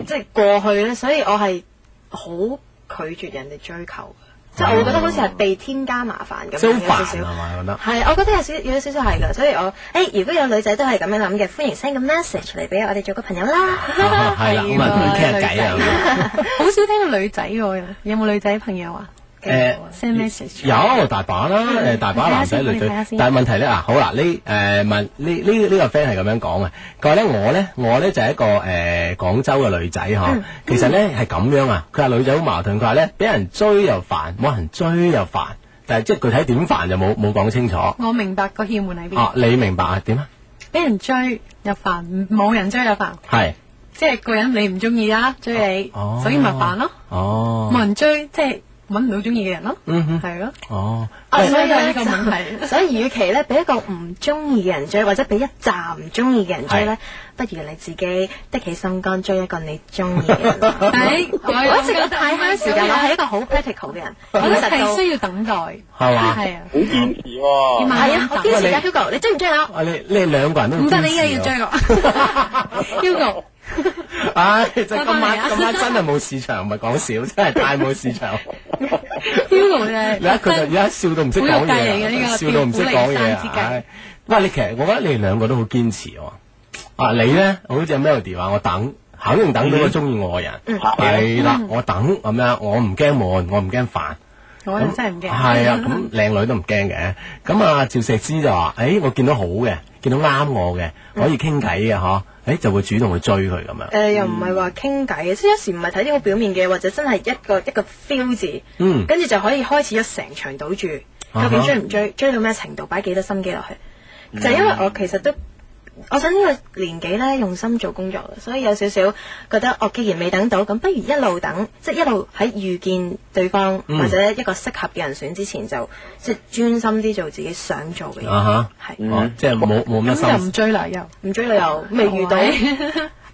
即係過去咧。所以我係好拒絕人哋追求嘅，即係我覺得好似係被添加麻煩咁有少少。係，我覺得有少有少少係嘅。所以我誒，如果有女仔都係咁樣諗嘅，歡迎 send 個 message 嚟俾我哋做個朋友啦。係啦，我咪傾下偈好少聽到女仔喎，有冇女仔朋友啊？誒，有大把啦，誒大把男仔女仔，但係問題咧，啊，好啦，你誒問呢呢呢個 friend 係咁樣講嘅，佢話咧我咧我咧就係一個誒廣州嘅女仔嗬，其實咧係咁樣啊，佢話女仔好矛盾，佢話咧俾人追又煩，冇人追又煩，但係即係具體點煩就冇冇講清楚。我明白個竅門喺邊？哦，你明白啊？點啊？俾人追又煩，冇人追又煩，係即係個人你唔中意啦，追你，所以咪煩咯。哦，冇人追即係。揾唔到中意嘅人咯，係咯。哦，所以就呢個問題，所以，與其咧俾一個唔中意嘅人追，或者俾一站唔中意嘅人追咧，不如你自己的起心肝追一個你中意嘅人。但係我一直覺得太慳時間，我係一個好 practical 嘅人，我實在需要等待。係啊，係啊，好堅持喎。係啊，我堅持啊，Hugo，你追唔追啊？你你兩個人都唔得，你依家要追我 Hugo 唉，就今晚今晚真係冇市場，唔係講笑，真係太冇市場。u 你睇佢就而家笑到唔識講嘢，笑到唔識講嘢。唉，哇，你其實我覺得你哋兩個都好堅持喎。啊，你咧，好似 Melody 話，我等，肯定等到個中意我嘅人，係啦，我等咁樣，我唔驚悶，我唔驚煩。咁真係唔驚。係啊，咁靚女都唔驚嘅。咁啊，趙石之就話：，誒，我見到好嘅，見到啱我嘅，可以傾偈嘅，嗬。誒、欸、就會主動去追佢咁樣，誒、呃、又唔係話傾偈嘅，嗯、即係有時唔係睇啲好表面嘅，或者真係一個一個 feel 字，嗯，跟住就可以開始咗成場賭注，究竟、啊、追唔追，嗯、追到咩程度，擺幾多心機落去，嗯、就係因為我其實都。我想呢個年紀呢，用心做工作，所以有少少覺得我既然未等到，咁不如一路等，即係一路喺遇見對方、嗯、或者一個適合嘅人選之前，就即係專心啲做自己想做嘅嘢。係、啊，嗯嗯、即係冇冇咩嘢。咁又唔追啦，又唔追啦，又未遇到。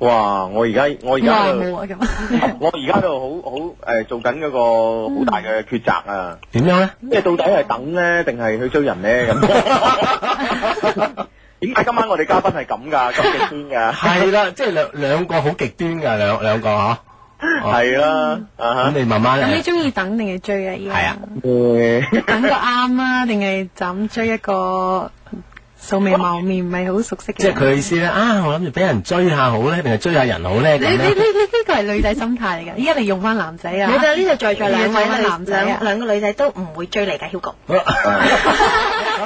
哇！我而家我而家就我而家就好好誒做緊嗰個好大嘅抉擇啊！點樣咧？即係到底係等咧，定係去追人咧？咁點解今晚我哋嘉賓係咁噶？咁極端噶？係啦，即係兩兩個好極端噶兩兩個嚇。係啦，咁你慢慢。咁你中意等定係追啊？依個。係啊，等個啱啦，定係咁追一個。素未謀面，唔係好熟悉嘅。即係佢意思咧啊！我諗住俾人追下好咧，定係追下人好咧咁咧？呢呢呢呢個係女仔心態嚟㗎。依家你用翻男仔啊！呢度在在兩位男仔兩兩個女仔都唔會追嚟㗎，曉局。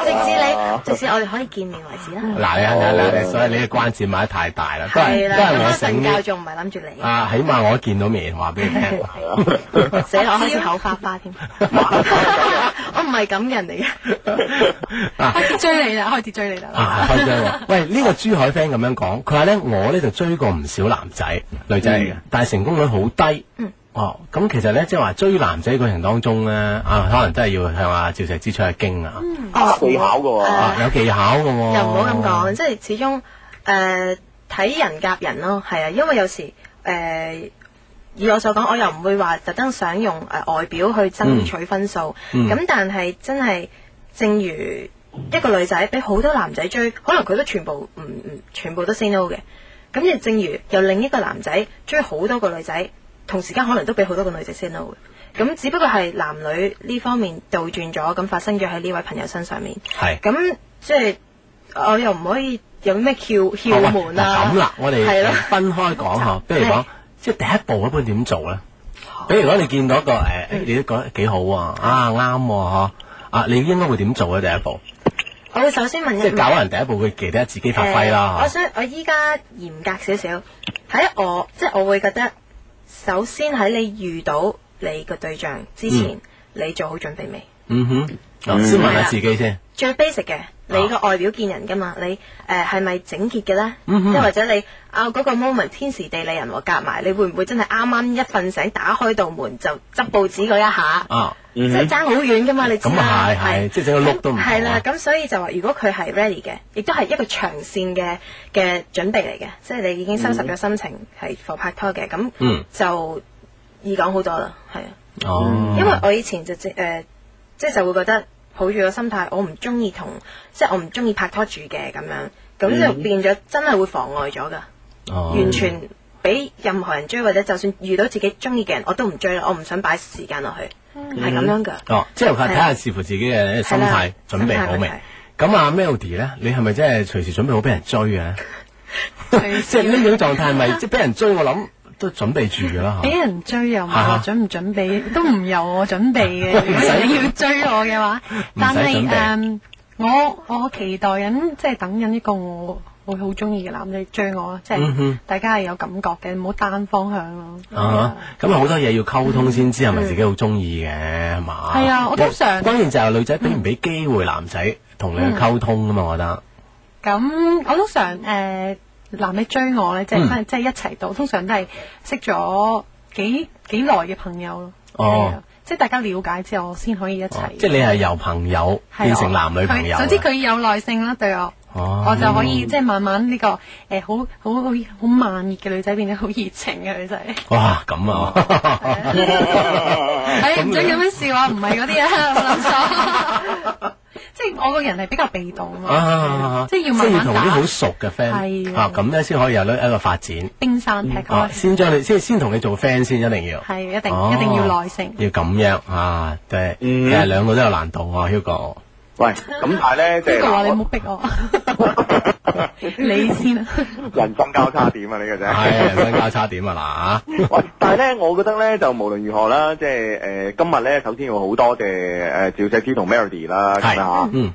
直至你，直至我哋可以見面為止啦。嗱，你啊，所以你嘅關節買得太大啦。因為我瞓覺仲唔係諗住嚟啊！起碼我見到面話俾你聽。死，我好似口花花添。我唔係咁嘅人嚟嘅。追你啦，開始追。啊，夸喂，呢、這個珠海 friend 咁樣講，佢話咧，我咧就追過唔少男仔、女仔嚟嘅，嗯、但係成功率好低。嗯。哦，咁其實咧，即係話追男仔過程當中咧，啊，可能真係要向阿趙石之取下經、嗯、啊，技巧嘅喎，有技巧嘅喎、啊啊呃。又唔好咁講，即係始終誒睇人夾人咯，係啊，因為有時誒、呃、以我所講，我又唔會話特登想用誒外表去爭取分數。嗯。咁、嗯嗯嗯、但係真係正如。一個女仔俾好多男仔追，可能佢都全部唔唔，全部都 say no 嘅。咁就正如由另一個男仔追好多個女仔，同時間可能都俾好多個女仔 say no 嘅。咁只不過係男女呢方面倒轉咗，咁發生咗喺呢位朋友身上面。係是。咁即係我又唔可以有咩竅竅門啊？咁啦、啊，我哋係咯，分開講下。的比如講，欸、即係第一步一般點做咧？啊、比如果你見到一個誒，呃嗯、你都覺得幾好啊？啱、啊、嗬、啊？啊，你應該會點做咧？第一步？我會首先問一，即係搞人第一步，佢其、嗯、得自己發揮啦、嗯。我想我依家嚴格少少喺我，即係我會覺得首先喺你遇到你個對象之前，嗯、你做好準備未？嗯哼，先問下自己先、啊。最 basic 嘅。你個外表見人噶嘛？你誒係咪整潔嘅咧？即、嗯、哼或者你啊嗰、哦那個 moment 天時地利人和夾埋，你會唔會真係啱啱一瞓醒打開道門就執報紙嗰一下？啊，嗯、即係爭好遠噶嘛！你咁係係，即係整個碌都唔啱。係啦，咁、嗯、所以就話，如果佢係 ready 嘅，亦都係一個長線嘅嘅準備嚟嘅，即係你已經收拾咗心情係 for 拍拖嘅。咁、嗯、就易講好多啦，係啊。哦、嗯，嗯、因為我以前就即誒、呃，即係、嗯嗯、就會覺得。呃抱住個心態，我唔中意同，即係我唔中意拍拖住嘅咁樣，咁就變咗真係會妨礙咗噶，嗯、完全俾任何人追，或者就算遇到自己中意嘅人，我都唔追啦，我唔想擺時間落去，係咁、嗯、樣噶。哦，即係睇下視乎自己嘅心，是心態準備好未？咁阿 Melody 咧，你係咪真係隨時準備好俾人追啊？ 隨時 即係呢種狀態，係咪即係俾人追，啊、我諗。都準備住㗎喇嚇，俾人追又唔係話準唔準備，都唔由我準備嘅。如果你要追我嘅話，但係誒，我我期待緊，即係等緊呢個我會好中意嘅男仔追我，即係大家係有感覺嘅，唔好單方向咯。咁啊，好多嘢要溝通先知係咪自己好中意嘅，係嘛？係啊，我通常，關鍵就係女仔俾唔俾機會男仔同你去溝通啊嘛，我覺得。咁我都常誒。男嘅追我咧，嗯、即係即係一齊到，通常都係識咗幾幾耐嘅朋友咯。哦，即係大家了解之後，先可以一齊。哦。即係你係由朋友變的成男女朋友。佢，總之佢有耐性啦，對我，哦、我就可以、嗯、即係慢慢呢、這個誒、欸、好好好好慢熱嘅女仔變得好熱情嘅女仔。就是，哇，咁啊！誒、 哎，唔準咁樣笑啊！唔係嗰啲啊，唔錯。即係我個人係比較被動啊，嘛，即係要慢慢打，即係同啲好熟嘅 friend 嚇咁咧，先、啊、可以有咧一個發展。冰山劈開，嗯啊、先將你先先同你做 friend 先一，一定要係一定一定要耐性。要咁樣樣嚇，啊對嗯、其實兩個都有難度啊，Hugo。喂，咁但係咧，即係我話你冇逼我， 你先、啊、 人生交叉點啊，呢個啫，係人生交叉點啊嗱啊！喂， 但係咧，我覺得咧，就無論如何啦，即係誒，今日咧，首先要好多謝誒，趙石思同 Melody 啦，係啊，嗯，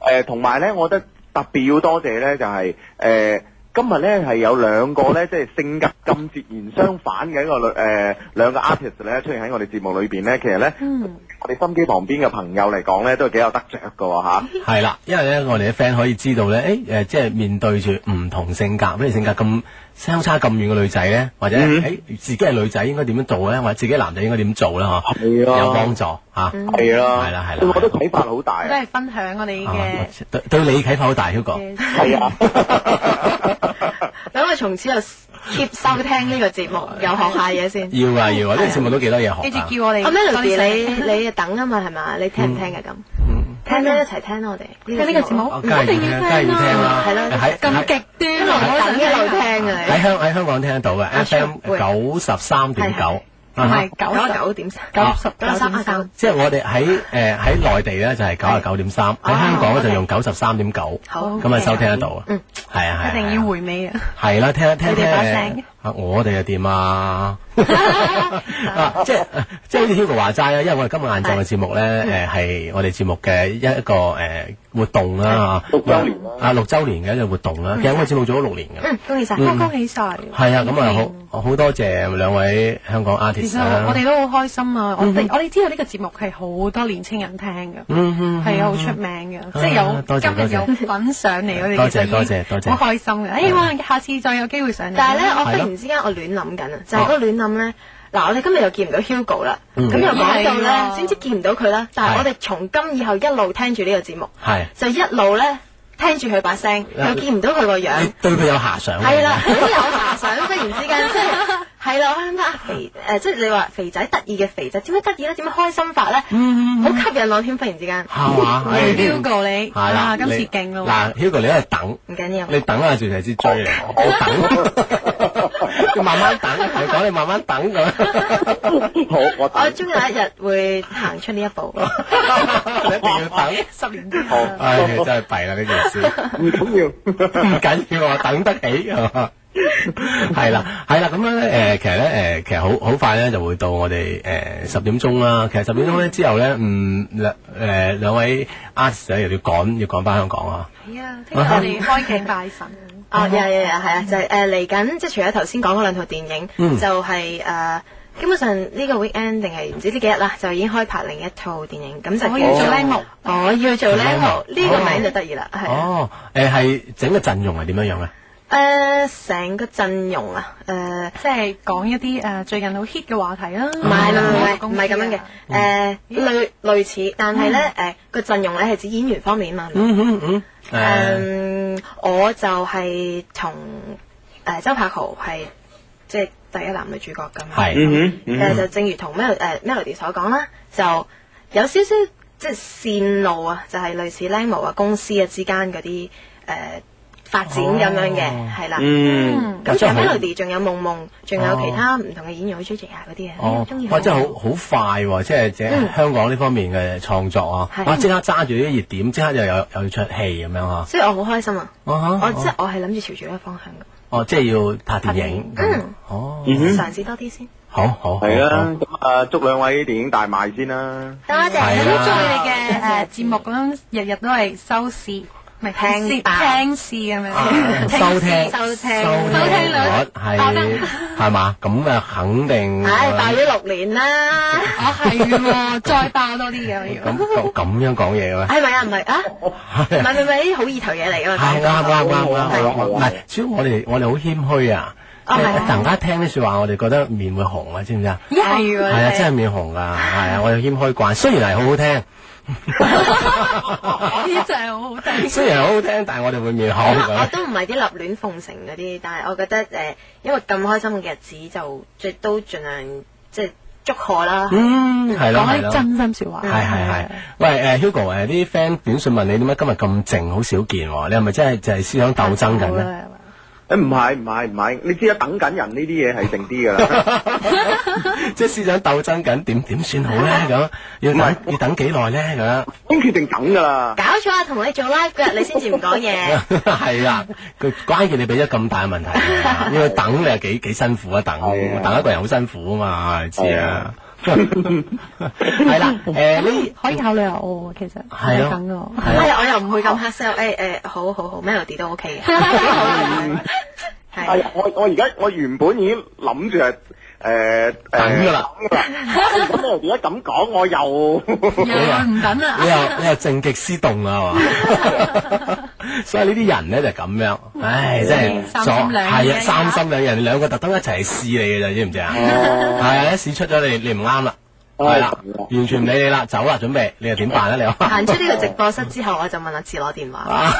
誒，同埋咧，我覺得特別要多謝咧，就係、是、誒、呃，今日咧係有兩個咧，即、就、係、是、性格咁截然相反嘅一個女，誒、呃，兩個 artist 咧，出現喺我哋節目裏邊咧，其實咧，實呢嗯。我哋心機旁邊嘅朋友嚟講咧，都係幾有得着噶吓。係、啊、啦，因為咧我哋嘅 friend 可以知道咧，誒、欸，誒、呃，即係面對住唔同性格，咩性格咁相差咁遠嘅女仔咧，或者誒、嗯哼欸、自己係女仔應該點樣做咧，或者自己男仔應該點做啦嗬。有幫助吓。係咯的，係啦係啦。嗯、我都啟發好大，、啊啊、大。都係分享我哋嘅，對對你啟發好大，小哥，係啊，咁我從此又。Keep 收聽呢個節目，有學下嘢先。要啊要啊，呢個節目都幾多嘢學。跟住叫我哋，阿 Melody 你你啊，等啊嘛，係嘛？你聽唔聽嘅咁？聽啦，一齊聽我哋。聽呢個節目。一定要聽啊，係咯。咁極端一我等一路聽啊！喺香喺香港聽得到嘅 FM 九十三點九。唔係九十九點三，九十九點三。即係我哋喺誒喺內地咧，就係九啊九點三；喺香港咧，就用九十三點九。好，咁啊收聽得到。嗯，係啊係啊，一定要回味啊。係啦，聽聽聽。我哋又點啊？即係即係好似 Hugo 話齋啊，因為我哋今日晏晝嘅節目咧，誒係我哋節目嘅一個誒活動啦，六週年啊，六週年嘅一個活動啦，因為我哋節目做咗六年嘅，恭喜晒！恭喜晒！係啊，咁啊，好好多謝兩位香港 artist。其實我哋都好開心啊！我哋我哋知道呢個節目係好多年青人聽嘅，嗯，係啊，好出名嘅，即係有今日有份上嚟，我哋多謝多謝好開心嘅。希望下次再有機會上嚟。但係咧，我之間我亂諗緊啊，就係個亂諗咧。嗱，我哋今日又見唔到 Hugo 啦，咁又講到咧，點知見唔到佢咧？但係我哋從今以後一路聽住呢個節目，就一路咧聽住佢把聲，又見唔到佢個樣，對佢有遐想。係啦，有遐想，忽然之間即係係啦，我諗啊肥誒，即係你話肥仔得意嘅肥仔，點解得意咧？點解開心法咧？好吸引我添，忽然之間係啊！Hugo 你係啦，今次勁啦嗱，Hugo 你喺度等，唔緊要，你等下轉頭先追你，我等。 要慢慢等，我講你慢慢等佢。好，我我終有一日會行出呢一步。一定要等十年之後！哎，真係弊啦呢件事。唔緊想要，唔緊要，我等得起。係 啦，係啦，咁樣咧，誒，其實咧，誒，其實好好快咧，就會到我哋誒、呃、十點鐘啦、啊。其實十點鐘咧之後咧，嗯兩誒兩位阿 sir 又要趕，要趕翻香港啊。係啊，聽日我哋開鏡拜神。哦，有，有，有，係啊，就係誒嚟緊，即係除咗頭先講嗰兩套電影，就係誒，基本上呢個 weekend 定係唔知呢幾日啦，就已經開拍另一套電影，咁就我要做《Lime Wood》，我要做《Lime Wood》，呢個名就得意啦，係。哦，誒，係整個陣容係點樣樣咧？誒，成個陣容啊，誒，即係講一啲誒最近好 hit 嘅話題啦。唔係唔唔係，唔係咁樣嘅，誒，類類似，但係咧，誒個陣容咧係指演員方面啊嘛。嗯嗯。誒，uh, 我就係同誒周柏豪係即係第一男女主角㗎嘛。誒就正如同 Mel 誒、呃、Melody 所講啦，就有少少即係線路啊，就係、是、類似 l a m 靚模啊公司啊之間嗰啲誒。呃發展咁樣嘅，係啦。嗯。咁 Rainy Lady 仲有夢夢，仲有其他唔同嘅演員去追跡下嗰啲啊。哦，哇，真係好好快喎！即係即係香港呢方面嘅創作啊。係。哇，即刻揸住呢啲熱點，即刻又有有出戲咁樣啊。所以，我好開心啊！我即係我係諗住朝住呢個方向嘅。哦，即係要拍電影。嗯。哦。嘗試多啲先。好好，係啊！咁祝兩位電影大賣先啦。多謝，都祝你嘅誒節目咁樣日日都係收視。聽聽市咁樣，收聽收聽收聽率係係嘛，咁啊肯定唉，大咗六年啦，啊係喎，再爆多啲嘢，咁咁樣講嘢嘅咩？係咪啊？唔係啊？唔係唔係呢啲好意頭嘢嚟嘅嘛？啱啱啱啱，唔係主要我哋我哋好謙虛啊，突然間聽啲說話我哋覺得面會紅啊，知唔知啊？係啊，係啊，真係面紅噶，係啊，我哋謙虛慣，雖然係好好聽。呢隻好好聽，雖然好好聽，但係我哋會面口、嗯。我都唔係啲立亂奉承嗰啲，但係我覺得誒、呃，因為咁開心嘅日子，就即都盡量即係祝賀啦。嗯，係啦，講開真心說話，係係係。喂，誒、呃、，Hugo，誒、呃，啲 friend 短信問你點解今日咁靜，好少見。你係咪真係就係、是、思想鬥爭緊咧？嗯誒，唔係唔係唔係，你知啦， 等緊人呢啲嘢係定啲噶啦，即係思想鬥爭緊，點點算好咧咁？要等 要等幾耐咧咁？都決定等噶啦，搞錯 啊！同你做 live 嗰日，你先至唔講嘢。係啦，佢關鍵你俾咗咁大問題，要 等你係幾幾辛苦啊？等、oh、yeah. 等一個人好辛苦啊嘛，你知啦。Oh. 係啦，誒 欸、可以考慮下我，其實係咯，係啊，我又唔會咁 hard sell，誒誒，好好好 ，Melody 都 OK 嘅，係， 係、 哎，我我而家我原本已經諗住係。誒，呃、等噶啦，咁啦，咁你而家咁講，我又唔 等啦，你又你又靜極思動啦，係嘛？所以呢啲人咧就咁、是、樣，唉，真係，係啊，三心兩意，兩個特登一齊試你嘅咋，知唔知啊？係一試出咗你，你唔啱啦。係啦， 完全唔理你啦，走啦，準備，你又點辦啊？你行出呢個直播室之後，我就問阿次攞電話。點啊？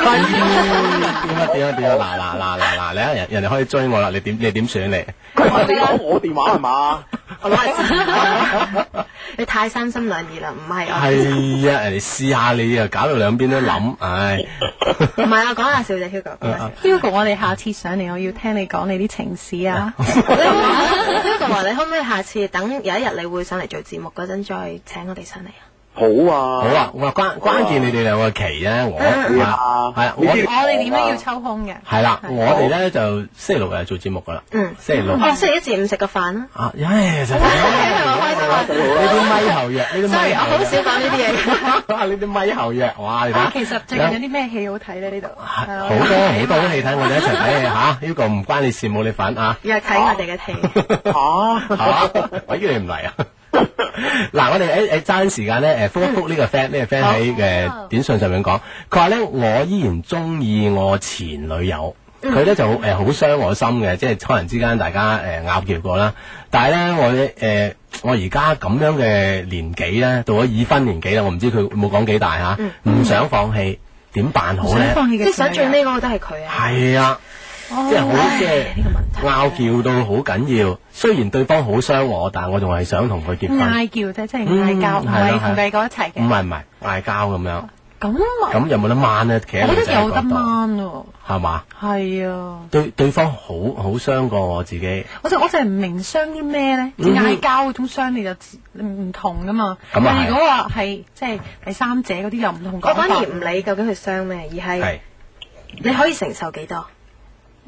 點啊？點啊？嗱嗱嗱嗱嗱，你啊人，人哋可以追我啦，你點？你點選 你？佢話 你攞我電話係嘛？ 我攞 你太三心兩意啦，唔係啊。係呀，人哋試下你啊，搞到兩邊都諗，唉 、哎！唔係啊，講下笑啫 Hugo。Hugo，我哋 下次上嚟，我要聽你講你啲情史啊。 Hugo 話你可唔可以下次等有一日你會上嚟做節目嗰陣，再請我哋上嚟啊？好啊！好啊！我關關鍵你哋兩個期咧，我係啦，我哋點樣要抽空嘅？係啦，我哋咧就星期六日做節目噶啦。嗯，星期六哦，星期一至五食個飯啦。啊，唉就呢啲咪後約呢啲咪後約。Sorry，我好少講呢啲嘢。啊，呢啲咪後約，哇！其實最近有啲咩戲好睇咧？呢度好多好多戲睇，我哋一齊睇吓。呢 g 唔關你事，冇你份啊！又睇我哋嘅戲吓吓，點解你唔嚟啊？嗱， 我哋喺喺爭時間咧，誒、嗯，復一復呢個 friend 呢個 friend 喺誒短信上面講，佢話咧，我依然中意我前女友，佢咧就誒好傷我心嘅，即係突然之間大家誒拗撬過啦，但係咧我誒、呃、我而家咁樣嘅年紀咧，到咗已婚年紀啦，我唔知佢冇講幾大吓，唔想放棄，點辦好咧？即係想最尾嗰個都係佢啊，係啊。即係好，即係拗撬到好緊要，雖然對方好傷我，但係我仲係想同佢結婚。嗌、叫啫，即係嗌交，唔係唔係咁一齊嘅。唔係唔係，嗌交咁樣。咁咁有冇得掹咧？其實我覺得有得掹喎。係嘛？係啊。對對方好好傷過我自己。我就我就係唔明傷啲咩咧？嗌交嗰種傷你就唔同痛噶嘛。咁啊？如果話係即係第三者嗰啲又唔同，我反而唔理究竟佢傷咩，而係你可以承受幾多？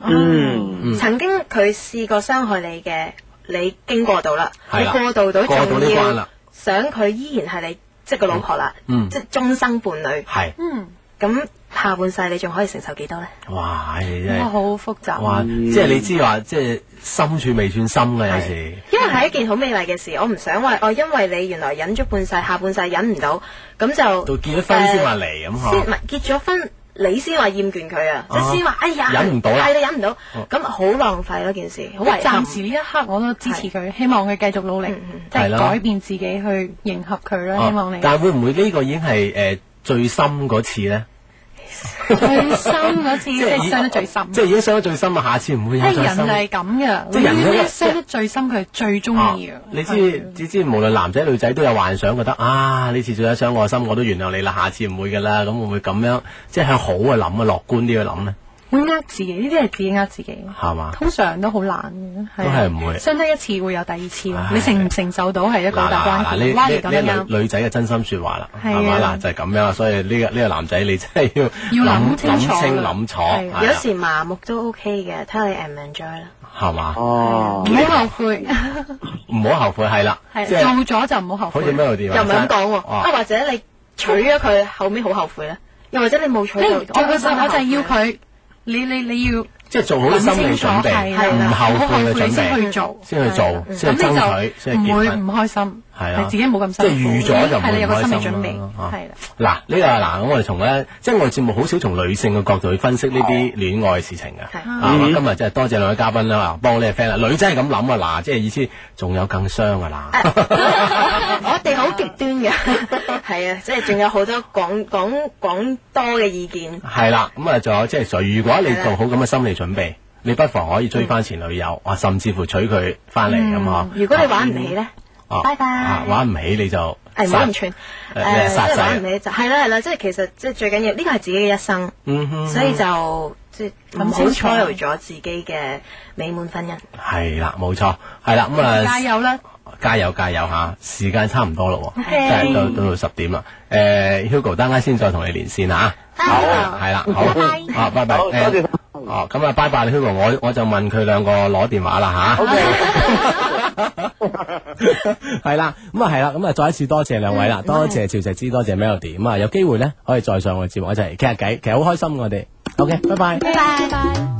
嗯，曾經佢試過傷害你嘅，你經過到啦，你過渡到重要，想佢依然係你即係個老婆啦，即係終生伴侶。係，嗯，咁下半世你仲可以承受幾多咧？哇，你真係好複雜。即係你知話，即係深處未算深嘅有時。因為係一件好美麗嘅事，我唔想話，哦，因為你原來忍咗半世，下半世忍唔到，咁就到結咗婚先話嚟咁嗬？結咗婚。你先話厭倦佢啊，即係先話哎呀，係係啦，忍唔到，咁好浪費咯件事，好遺憾。暫時呢一刻我都支持佢，的希望佢繼續努力，即係的改變自己去迎合佢咯。啊、希望你。但係會唔會呢個已經係誒、呃、最深嗰次咧？ 最深嗰次傷深即係傷得最深，即係已經傷得最深啊！下次唔會。即係人係咁嘅，即係傷得最深，佢係最鍾意，哦。你知，的你知，無論男仔女仔都有幻想，覺得啊，呢次最緊傷我心，我都原諒你啦，下次唔會噶啦，咁會唔會咁樣，即係向好嘅諗啊，樂觀啲去諗呢？會呃自己，呢啲係自己呃自己。係嘛？通常都好難嘅，係。都係唔會。傷得一次會有第二次咯。你承唔承受到係一個大關係。嗱嗱，呢呢呢女女仔嘅真心説話啦。係啊。係嘛？嗱，就係咁樣，所以呢個呢個男仔你真係要諗諗清諗楚。有時麻木都 OK 嘅，睇下你 enjoy 啦。係嘛？哦。唔好後悔。唔好後悔係啦。做咗就唔好後悔。好似咩部電話咁。又唔敢講喎。啊，或者你娶咗佢，後尾好後悔咧？又或者你冇娶佢，我就係要佢。你你你要即係做好心理準備係啦，唔後悔先去做，先去做，先去爭取，先去結婚，你就唔會唔開心。係啊，你自己冇咁即係預咗就冇咁開心咯。係啦，嗱呢個嗱，我哋從咧即係我哋節目好少從女性嘅角度去分析呢啲戀愛事情㗎。啊，今日真係多謝兩位嘉賓啦，幫你呢個 friend 啦，女仔係咁諗啊！嗱，即係意思仲有更傷㗎啦。我哋好極端㗎，係啊，即係仲有好多講講講多嘅意見。係啦，咁啊，仲有即係，如果你做好咁嘅心理準備，你不妨可以追翻前女友啊，甚至乎娶佢翻嚟咁啊。如果你玩唔起咧？拜拜。啊，玩唔起你就，誒，唔好咁串，誒，唔起就係啦係啦，即係其實即係最緊要呢個係自己嘅一生，嗯哼，所以就即係唔好摧毀咗自己嘅美滿婚姻。係啦，冇錯，係啦，咁啊，加油啦！加油加油吓，時間差唔多咯，即係到到十點啦，誒，Hugo，等陣先再同你連線啊，好，係啦，好，拜，好，多謝，哦，咁啊，拜拜，Hugo，我我就問佢兩個攞電話啦吓。係啦，咁啊係啦，咁啊再一次多謝兩、嗯、多謝兩位啦，嗯、多謝趙石之，多謝 Melody，咁啊有機會咧可以再上個節我節目一齊傾下偈，其實好開心我哋、嗯、，OK，拜拜，拜拜。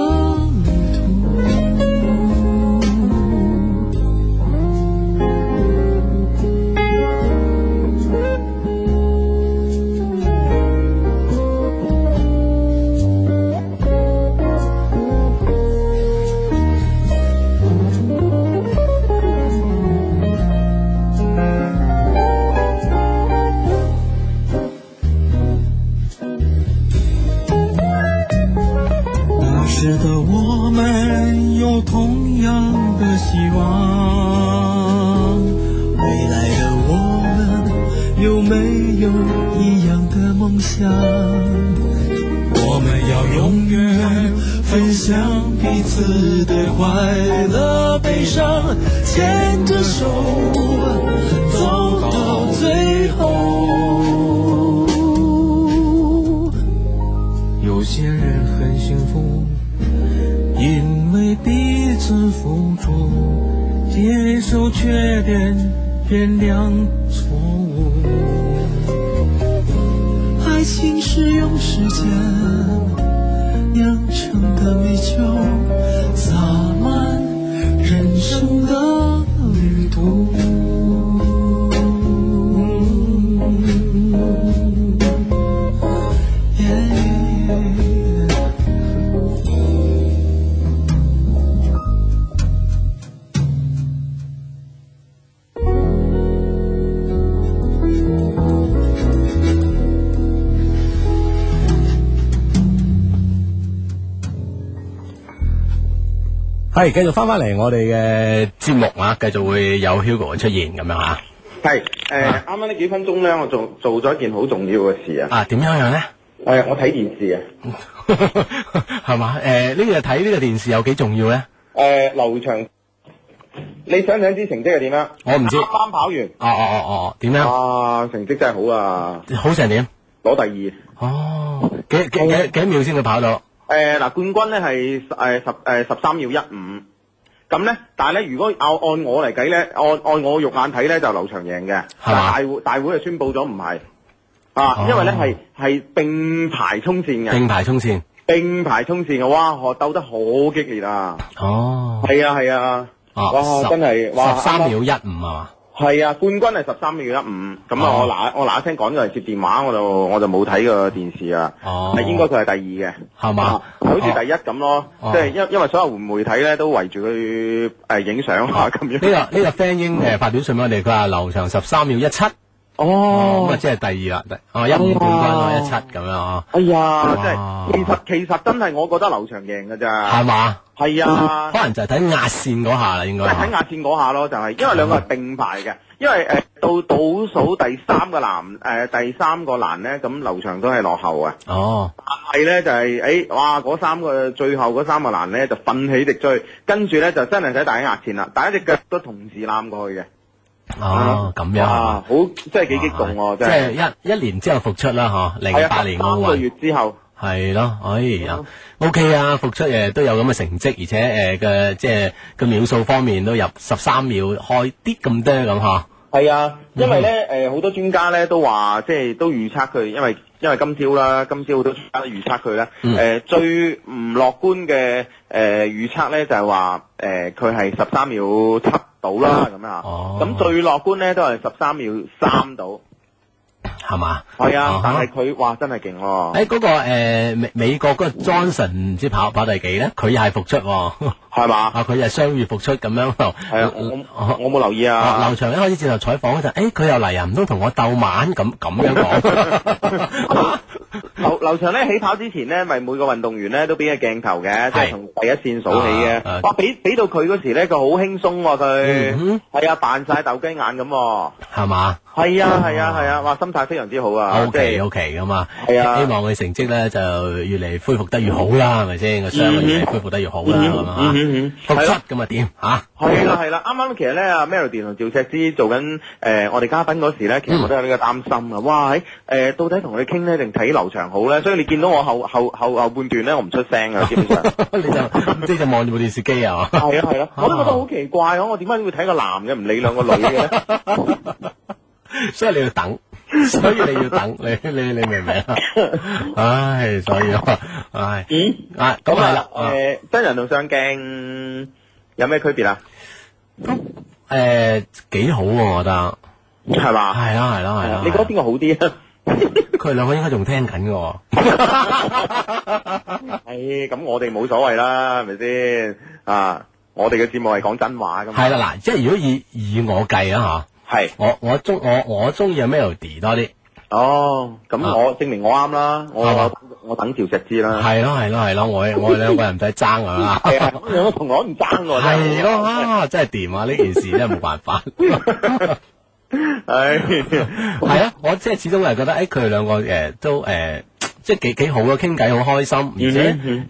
繼續翻翻嚟我哋嘅節目啊，繼續會有 Hugo 出現咁樣啊。係誒，啱啱呢幾分鐘咧，我做做咗一件好重要嘅事啊。啊，點樣樣咧？我我睇電視啊，係嘛？ 誒、呃，呢個睇呢個電視有幾重要咧？誒、呃，劉翔，你想想，想知成績係點樣？我唔知。啱跑完。啊哦哦，啊、哦！點、哦、樣？啊，成績真係好啊！好成點？攞第二。哦，幾幾幾幾秒先至跑到？誒，嗱、呃、冠軍咧係誒十誒、呃、十三秒一五，咁咧，但係咧如果按按我嚟計咧，按按，按我肉眼睇咧就劉翔贏嘅，嗎但係大會大會就宣布咗唔係啊，哦、因為咧係係並排衝線嘅，並排衝線，並排衝線嘅，哇，鬥得好激烈啊，哦，係啊係啊，啊，哇，真係，哇，十三秒一五啊嘛。係啊，冠軍係十三秒一五，咁啊，我嗱我嗱一聲講咗嚟，接電話，我就我就冇睇過電視啊，係應該佢係第二嘅，係嘛？好似第一咁咯，哦、即係因為因為所有媒媒體咧都圍住佢誒影相啊咁樣。呢個呢個 fan 應誒發表訊息俾我哋，佢話劉翔十三秒一七。哦，咁啊、哦，即係第二啦，哦一五跟住一七咁樣啊，哎呀，哇即係其實其實真係我覺得劉翔贏㗎咋，係嘛吧？係啊，可能就係睇壓線嗰下啦，應該，即係睇壓線嗰下咯，就係、是、因為兩個係定排嘅，啊、因為誒、呃、到倒數第三個欄誒、呃、第三個欄呢，咁劉翔都係落後啊，哦，係呢，就係、是、誒、哎、哇嗰三個最後嗰三個欄呢，就奮起直追，跟住呢，就真係使大喺壓線啦，大一隻腳都同時攬過去嘅。哦，咁、啊、樣啊，好，真係幾激動喎！即係一一年之後復出啦，吓零八年三個月之後，係咯，哎呀，O K 啊，復出誒都有咁嘅成績，而且誒嘅、呃、即係個秒數方面都入十三秒開啲咁多咁吓，係啊，因為咧誒好多專家咧都話即係都預測佢因為。因為今朝啦，今朝好多專家都預測佢啦。誒、嗯呃，最唔樂觀嘅，誒、呃、預測咧就係話，誒、呃，佢係十三秒七到啦咁樣嚇，咁、哦、最樂觀咧都係十三秒三到。係嘛？係啊，但係佢話真係勁喎。誒，嗰個誒美美國嗰個 Johnson 唔知跑跑第幾咧？佢又係復出，係嘛？啊，佢係商業復出咁樣。係啊，我我冇留意啊。劉翔一開始接受採訪嗰陣，誒，佢又嚟啊，唔通同我斗晚咁咁樣講。劉劉翔咧起跑之前咧，咪每個運動員咧都俾個鏡頭嘅，即係同第一線數起嘅。哇俾俾到佢嗰時咧，佢好輕鬆，佢係啊扮晒鬥雞眼咁。係嘛？係啊係啊係啊，話心態非常之好啊！O K O K 咁啊，希望佢成績咧就越嚟恢復得越好啦，係咪先個傷愈嚟恢復得越好啦，係嘛？復出咁啊點吓？係啦，係啦，啱啱其實咧，Melody 同趙石師做緊誒我哋嘉賓嗰時咧，其實我都有呢個擔心啊。哇！誒到底同佢傾咧定睇劉翔好咧？所以你見到我後後後後半段咧，我唔出聲啊，基本上，你就即就望住部電視機啊？係啊，係咯，我都覺得好奇怪呵！我點解會睇個男嘅唔理兩個女嘅？所以你要等。 所以你要等，你你你明唔明啊？ 唉，所以咯，唉，咁係啦。誒、啊，就是、真人同上鏡有咩區別啊？咁誒，幾、呃、好我覺得，係嘛吧？係啦、啊，係啦、啊，係啦、啊。啊啊、你覺得邊個好啲啊？佢 兩個應該仲聽緊㗎。唉 哎，咁，我哋冇所謂啦，係咪先？啊，我哋嘅節目係講真話咁。係啦、 啊，嗱，即係如果以以，以我計啊，吓。係是，我我中我我中意阿 Melody 多啲。哦，咁我證明我啱啦。我我等條直知啦。係咯係咯係咯，我我兩個人唔使爭啊。兩 個同我唔爭我。係咯， 真係掂啊！呢 件事真係冇辦法。係。 係啊， 我即係始終係覺得，誒、哎，佢哋兩個誒、呃、都誒。呃即係幾幾好嘅傾偈，好開心，而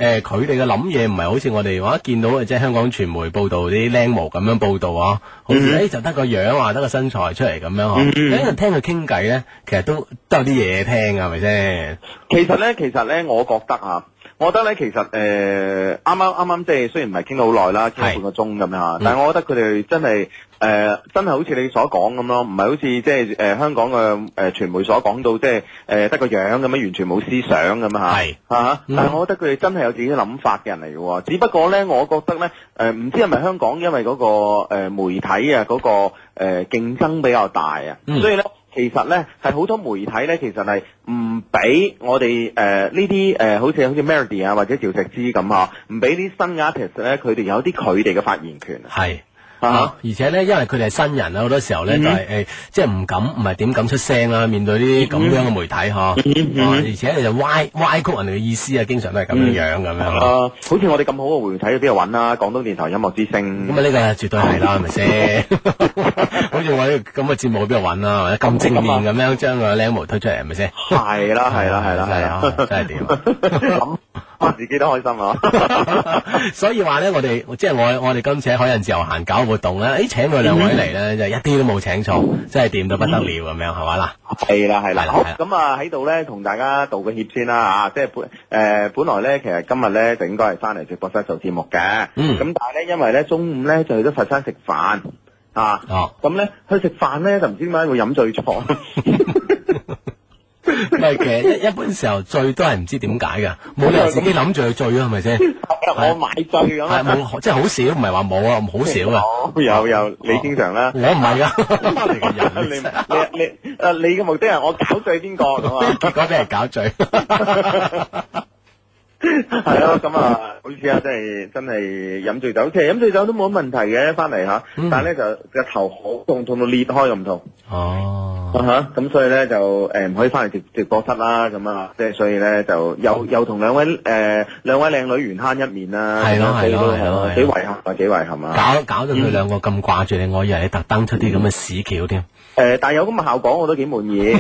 且誒，佢哋嘅諗嘢唔係好似我哋話一見到即係香港傳媒報道啲靚模咁樣報道啊，mm hmm. 好似咧就得個樣啊，得個身材出嚟咁樣。Mm hmm. 啊。一陣聽佢傾偈咧，其實都都有啲嘢聽，係咪先？其實咧，其實咧，我覺得啊。我覺得咧，其實誒啱啱啱啱，即係雖然唔係傾得好耐啦，傾半個鐘咁嚇，但係我覺得佢哋真係誒，真係好似你所講咁咯，唔係好似即係誒香港嘅誒傳媒所講到，即係誒得個樣咁樣，完全冇思想咁啊嚇。係啊嚇，但係我覺得佢哋真係有自己諗法嘅人嚟嘅喎。只不過咧，我覺得咧，誒唔知係咪香港因為嗰個誒媒體啊嗰個誒競爭比較大啊，所以咧。其實咧，係好多媒體咧，其實係唔俾我哋誒呢啲誒，好似好似 Meredith 啊，或者趙石芝咁啊，唔俾啲新藝人，其實咧，佢哋有啲佢哋嘅發言權是啊。係、啊、而且咧，因為佢哋係新人啊，好多時候咧就係、是、誒、嗯哼欸，即係唔敢，唔係點敢出聲啊，面對啲咁樣嘅媒體嚇、啊嗯嗯啊，而且就歪歪曲人哋嘅意思啊，經常都係咁樣樣咁樣咯。嗯、哼啊，啊好似我哋咁好嘅媒體去邊度揾啦，廣東，東電台、音樂之星。咁啊，呢個絕對係啦，係咪先？ 我呢咁嘅節目去邊度揾啊？或者咁正面咁樣將個靚模推出嚟，係咪先？係啦，係啦，係啦，真係掂咁，我自己都開心啊！所以話咧，我哋即係我我哋今次喺海印自由行搞活動咧，誒，請佢兩位嚟咧，就一啲都冇請錯，真係掂到不得了咁樣，係咪啦？係啦，係啦。好，咁啊喺度咧，同大家道個歉先啦啊！即係本誒本來咧，其實今日咧就應該係翻嚟直播室做節目嘅。嗯。咁但係咧，因為咧中午咧就去咗佛山食飯。啊哦，咁咧去食飯咧就唔知點解會飲醉錯。其實一般時候醉都係唔知點解嘅，冇理由自己諗住去醉啊，係咪先？我買醉咁，係冇，即係好少，唔係話冇啊，好少啊。有有，你經常啦，我唔係噶，翻嚟嘅人。你你誒，你嘅目的係我搞醉邊個？係嘛？結果畀人搞醉。係啊，咁啊。好似啊，真係真係飲醉酒，其實飲醉酒都冇乜問題嘅，翻嚟吓，但係咧就個頭好痛，痛到裂開咁痛。哦，嚇咁所以咧就誒唔、呃、可以翻嚟直直播室啦，咁啊嚇，即係所以咧就又又同兩位誒、呃、兩位靚女緣慳一面啦。係咯係咯係咯，幾遺憾啊幾遺憾啊！啊啊啊啊啊搞搞到佢兩個咁掛住你，我以為你特登出啲咁嘅屎橋添。誒、嗯， 但係有咁嘅效， 效果，我都幾滿意。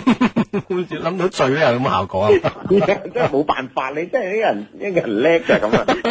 諗到醉咧有咁嘅效果啊！真係冇辦法，你真係啲人啲人叻就係咁啊！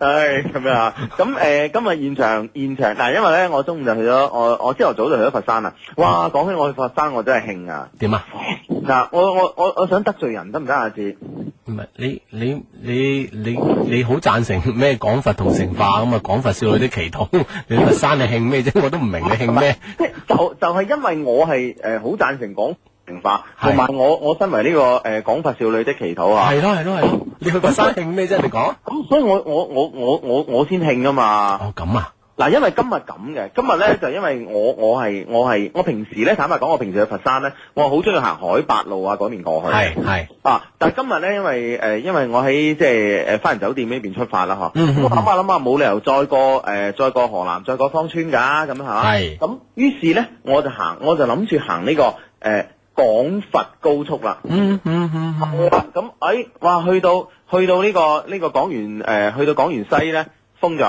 唉，咁啊、 哎，咁誒、呃，今日現場現場嗱、啊，因為咧，我中午就去咗，我我朝頭早就去咗佛山啊！哇，講起我去佛山，我真係興啊！點啊？嗱，我我我我想得罪人得唔得？下次唔係你你你你你好贊成咩廣佛同城化咁啊？廣佛少女啲祈禱，你佛山你興咩啫？我都唔明你興咩，即係、啊、就係、就係、是、因為我係誒好贊成廣淨化，同埋我我身為呢個誒廣佛少女的祈禱嚇，係咯係咯係。你去佛山慶咩啫？你講咁，所以我我我我我我先慶㗎嘛！哦咁啊，嗱，因為今日咁嘅今日咧，就因為我我係我係我平時咧，坦白講，我平時去佛山咧，我係好鍾意行海八路啊，嗰邊過去係係啊。但係今日咧，因為誒，因為我喺即係誒花園酒店呢邊出發啦，嗬，我諗下諗下冇理由再過誒再過河南再過芳村㗎，咁係嘛？係咁，於是咧我就行，我就諗住行呢個誒。廣佛高速啦、嗯，嗯嗯嗯，好、嗯、啦，咁、嗯、誒、嗯嗯，哇，去到去到呢個呢個廣元誒，去到廣、這個這個元，呃、元西咧封咗，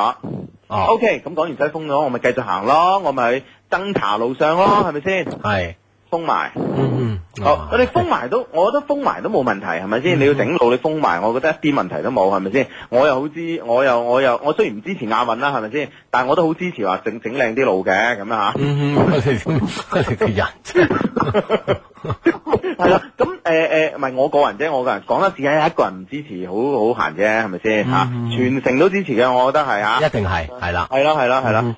哦，OK，咁廣元西封咗，我咪繼續行咯，我咪去燈塔路上咯，係咪先？係。封埋，嗯嗯，好，我哋封埋都，我覺得封埋都冇問題，係咪先？你要整路，你封埋，我覺得一啲問題都冇，係咪先？我又好支，我又我又我雖然唔支持亞運啦，係咪先？但係我都好支持話整整靚啲路嘅咁樣吓。嗯嗯，我哋我哋嘅人，係啦，咁誒誒，唔係我個人啫，我個人講得自己係一個人唔支持，好好閒啫，係咪先吓？全程都支持嘅，我覺得係啊，一定係，係啦，係啦，係啦，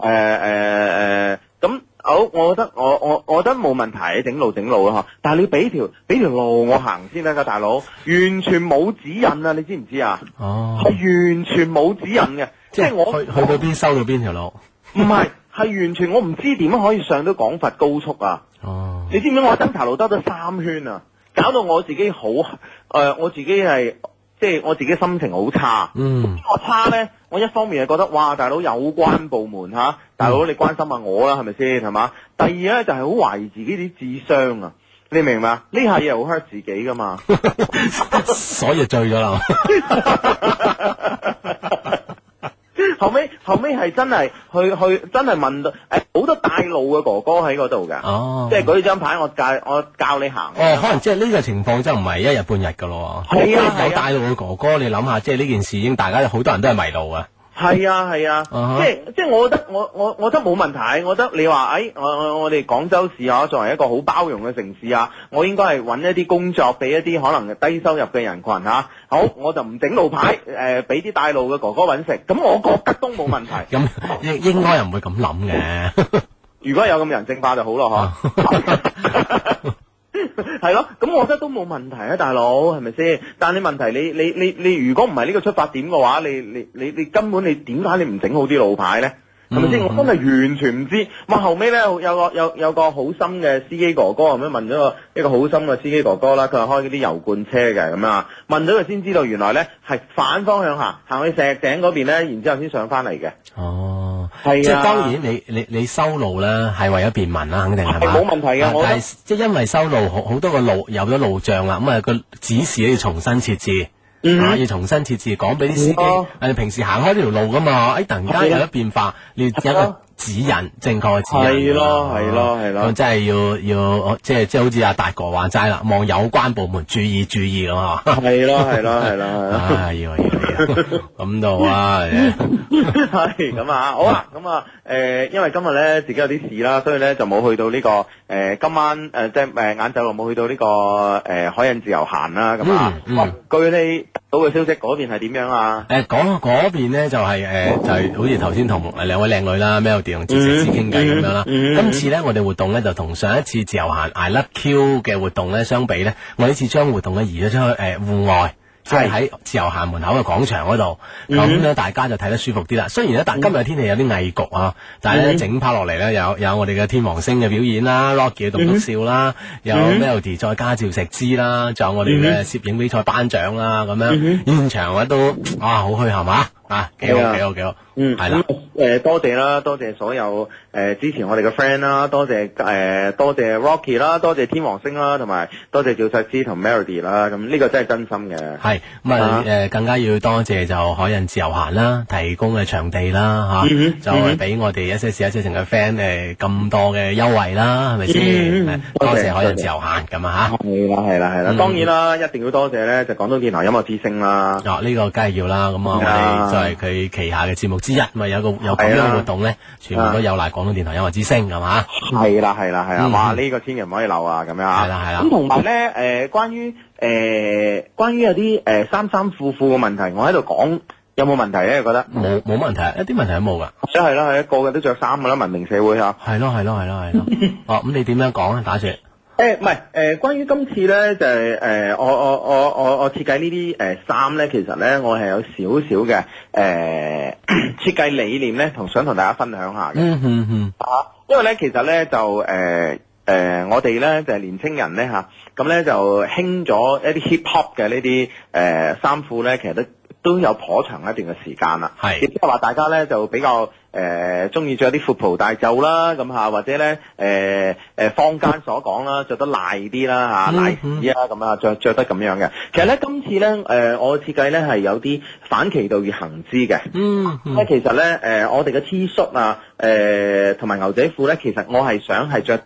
誒誒誒，咁好，我覺得我。覺得冇問題，弄路弄路你整路整路咯，但係你俾條俾條路我行先得噶，大佬完全冇指引啊！你知唔知啊？哦，係完全冇指引嘅，即係是去我去去到邊收到邊條路？唔係，係完全我唔知點樣可以上到廣佛高速啊！哦，你知唔知我喺增槎路兜咗三圈啊？搞到我自己好誒、呃，我自己係即係我自己心情好差。嗯，我差呢，我一方面係覺得哇，大佬有關部門吓。大佬，嗯、你關心下我啦，係咪先？係嘛？第二咧就係好懷疑自己啲智商啊！你明唔明？呢下嘢好 hurt 自己噶嘛，所以就醉咗啦。後尾後尾係真係去去真係問到，誒、欸、好多帶路嘅哥哥喺嗰度㗎，哦、即係嗰張牌我，我教我教你行。哦、哎，可能即係呢個情況就唔係一日半日㗎咯喎。係啊係啊，帶路嘅哥哥， 你諗下，即係呢件事已經大家好多人都係迷路啊。係啊係啊，啊 uh huh。即係即係，我覺得我我我覺得冇問題。我覺得你話誒，我我哋廣州市啊，作為一個好包容嘅城市啊，我應該係揾一啲工作俾一啲可能低收入嘅人群吓、啊。好，我就唔整路牌，誒、呃，俾啲帶路嘅哥哥揾食。咁我覺得都冇問題。咁、 嗯、應該又唔會咁諗嘅。 如果有咁人性化就好咯， 係咯，咁 我覺得都冇問題啊，大佬係咪先？但係你問題，你你你你如果唔係呢個出發點嘅話，你你你你根本你點解你唔整好啲路牌呢？係咪先？嗯嗯、我真係完全唔知。哇，後尾呢，有個有有個好心嘅司機哥哥，咁樣問咗個一個好心嘅司機哥哥啦，佢係開嗰啲油罐車嘅咁啊，問咗佢先知道原來呢係反方向行，行去石頂嗰邊呢，然之後先上翻嚟嘅。哦。係即係當然你，你你你修路咧，係為咗便民啦，肯定係嘛，冇問題嘅。是我即係因為修路好好多個路有咗路障啦，咁啊個指示要重新設置，啊、嗯、要重新設置講俾啲司機，你、嗯、平時行開呢條路噶嘛，哎突然間有咗變化，的你有一個。指引正確指引，係咯係咯係咯，咁真係要要即係即係好似阿大哥話齋啦，望有關部門注意注意咁啊！係咯係咯係咯，啊要要咁到啊，係咁啊嚇，好啊咁啊誒，因為今日咧自己有啲事啦，所以咧就冇去到呢個誒今晚誒即係誒晏晝冇去到呢個誒海印自由行啦咁啊！據你得到嘅消息，嗰邊係點樣啊？誒講嗰邊咧就係誒就係好似頭先同兩位靚女啦，咩？用照食之傾偈咁樣啦。Mm hmm. 今次咧，我哋活動咧就同上一次自由行 I Love Q 嘅活動咧相比咧，我呢次將活動咧移咗出去誒、呃、戶外，即係喺是自由行門口嘅廣場嗰度咁樣，大家就睇得舒服啲啦。雖然咧，但今日嘅天氣有啲翳焗啊，但係咧、mm hmm. 整拍落嚟咧有有我哋嘅天王星嘅表演啦，Rocky 棟篤笑啦，有 Melody 再加照食之啦，仲有我哋嘅攝影比賽頒獎啦，咁樣現場都哇好墟冚啊！啊，幾好幾好幾好，嗯，係啦，誒，多謝啦，多謝所有誒支持我哋嘅 friend 啦，多謝誒多謝 Rocky 啦，多謝天王星啦，同埋多謝趙世之同 Melody 啦，咁呢個真係真心嘅。係，咁啊誒，更加要多謝就海印自由行啦，提供嘅場地啦，吓，就係俾我哋一些事一些情嘅 friend 誒，咁多嘅優惠啦，係咪先？多謝海印自由行咁啊吓。係啦係啦係啦，當然啦，一定要多謝咧就廣東電台音樂之聲啦。嗱，呢個梗係要啦，咁我哋係佢旗下嘅節目之一，咪有個有咁樣嘅活動咧，全部都有賴廣東電台音樂之聲，係嘛？係啦，係啦，係啦！哇，呢個千祈唔可以漏啊，咁樣啊？係啦，係啦。咁同埋咧，誒，關於誒，關於有啲誒衫衫褲褲嘅問題，我喺度講有冇問題咧？覺得冇冇問題，一啲問題都冇噶。即係啦，係啦，個個都着衫噶啦，文明社會啊。係咯，係咯，係咯，係咯。哦，咁你點樣講咧？打字。誒，唔係、欸，誒、呃，關於今次咧，就係，誒、呃，我我我我我設計呢啲誒衫咧，其實咧，我係有少少嘅誒設計理念咧，同想同大家分享下嘅、嗯。嗯嗯嗯。吓，因為咧，其實咧就，誒、呃，誒、呃，我哋咧就係、是、年青人咧吓，咁、啊、咧就興咗一啲 hip hop 嘅、呃、呢啲誒衫褲咧，其實都都有頗長一段嘅時間啦。係是。亦都係話大家咧就比較。誒，中意着啲闊袍大袖啦，咁、啊、吓或者咧誒，誒、呃，坊間所講啦，着得賴啲啦吓，賴屎啊咁啊，着着、嗯嗯啊、得咁樣嘅。其實咧今次咧誒，我設計咧係有啲反其道而行之嘅、嗯。嗯，咁其實咧誒、呃，我哋嘅 T 恤啊。誒同埋牛仔褲咧，其實我係想係著誒，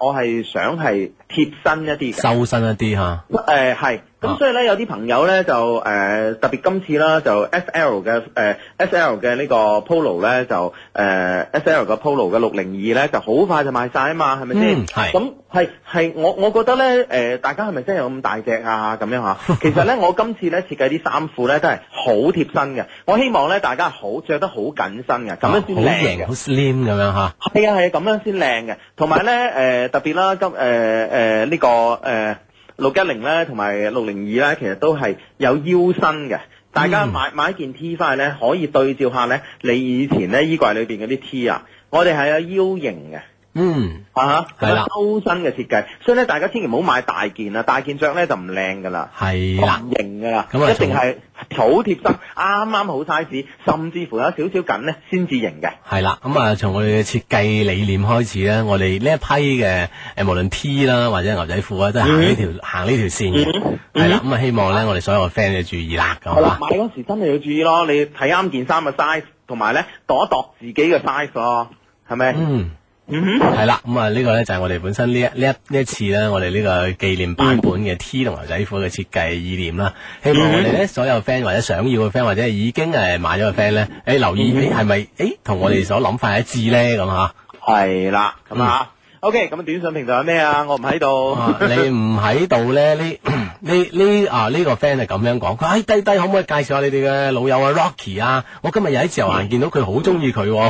我係想係貼身一啲嘅，修身一啲嚇。誒係，咁所以咧有啲朋友咧就誒特別今次啦，就 S L 嘅誒 S L 嘅呢個 Polo 咧就誒 S L 嘅 Polo 嘅六零二咧就好快就賣曬啊嘛，係咪先？係咁，係係，我我覺得咧誒大家係咪真係有咁大隻啊咁樣嚇？其實咧我今次咧設計啲衫褲咧都係好貼身嘅，我希望咧大家好著得好緊身嘅，咁樣先靚。好 slim 咁樣吓，係啊係啊，咁樣先靚嘅。同埋咧，誒、呃、特別啦，今誒誒呢個誒六一零咧，同埋六零二咧，其實都係有腰身嘅。大家買買一件 T 翻去咧，可以對照下咧，你以前咧衣櫃裏邊嗰啲 T 啊，我哋係有腰型嘅，嗯啊吓，係啦，修身嘅設計，所以咧大家千祈唔好買大件啊，大件着咧就唔靚噶啦，係啦、啊，型噶啦，就是、一定係。好貼身，啱啱好 size，甚至乎有少少緊咧，先至型嘅。係啦，咁啊，從我哋嘅設計理念開始呢，我哋呢一批嘅誒，無論 T 啦或者牛仔褲啊，都係行呢條、嗯、行呢條線，係啦，咁啊，希望呢我哋所有嘅 friend 要注意啦，係嘛？買嗰時真係要注意咯，你睇啱件衫嘅 size，同埋呢度一度自己嘅 size 咯，係咪、嗯？Mm hmm. 嗯哼，係啦，咁啊呢個咧就係我哋本身呢一呢一呢一次咧，我哋呢個紀念版本嘅 T 同牛仔褲嘅設計意念啦，希望我哋咧、mm hmm. 所有 friend 或者想要嘅 friend 或者已經誒買咗嘅 friend 咧、哎，誒留意你係咪誒同我哋所諗法一致咧咁吓，係啦，咁啊。樣 OK，咁短信平台有咩啊？我唔喺度，你唔喺度咧？呢呢呢啊呢個 friend 係咁樣講，哎，低低可唔可以介紹下你哋嘅老友啊？Rocky 啊，我今日又喺自由行見到佢、啊，好中意佢，我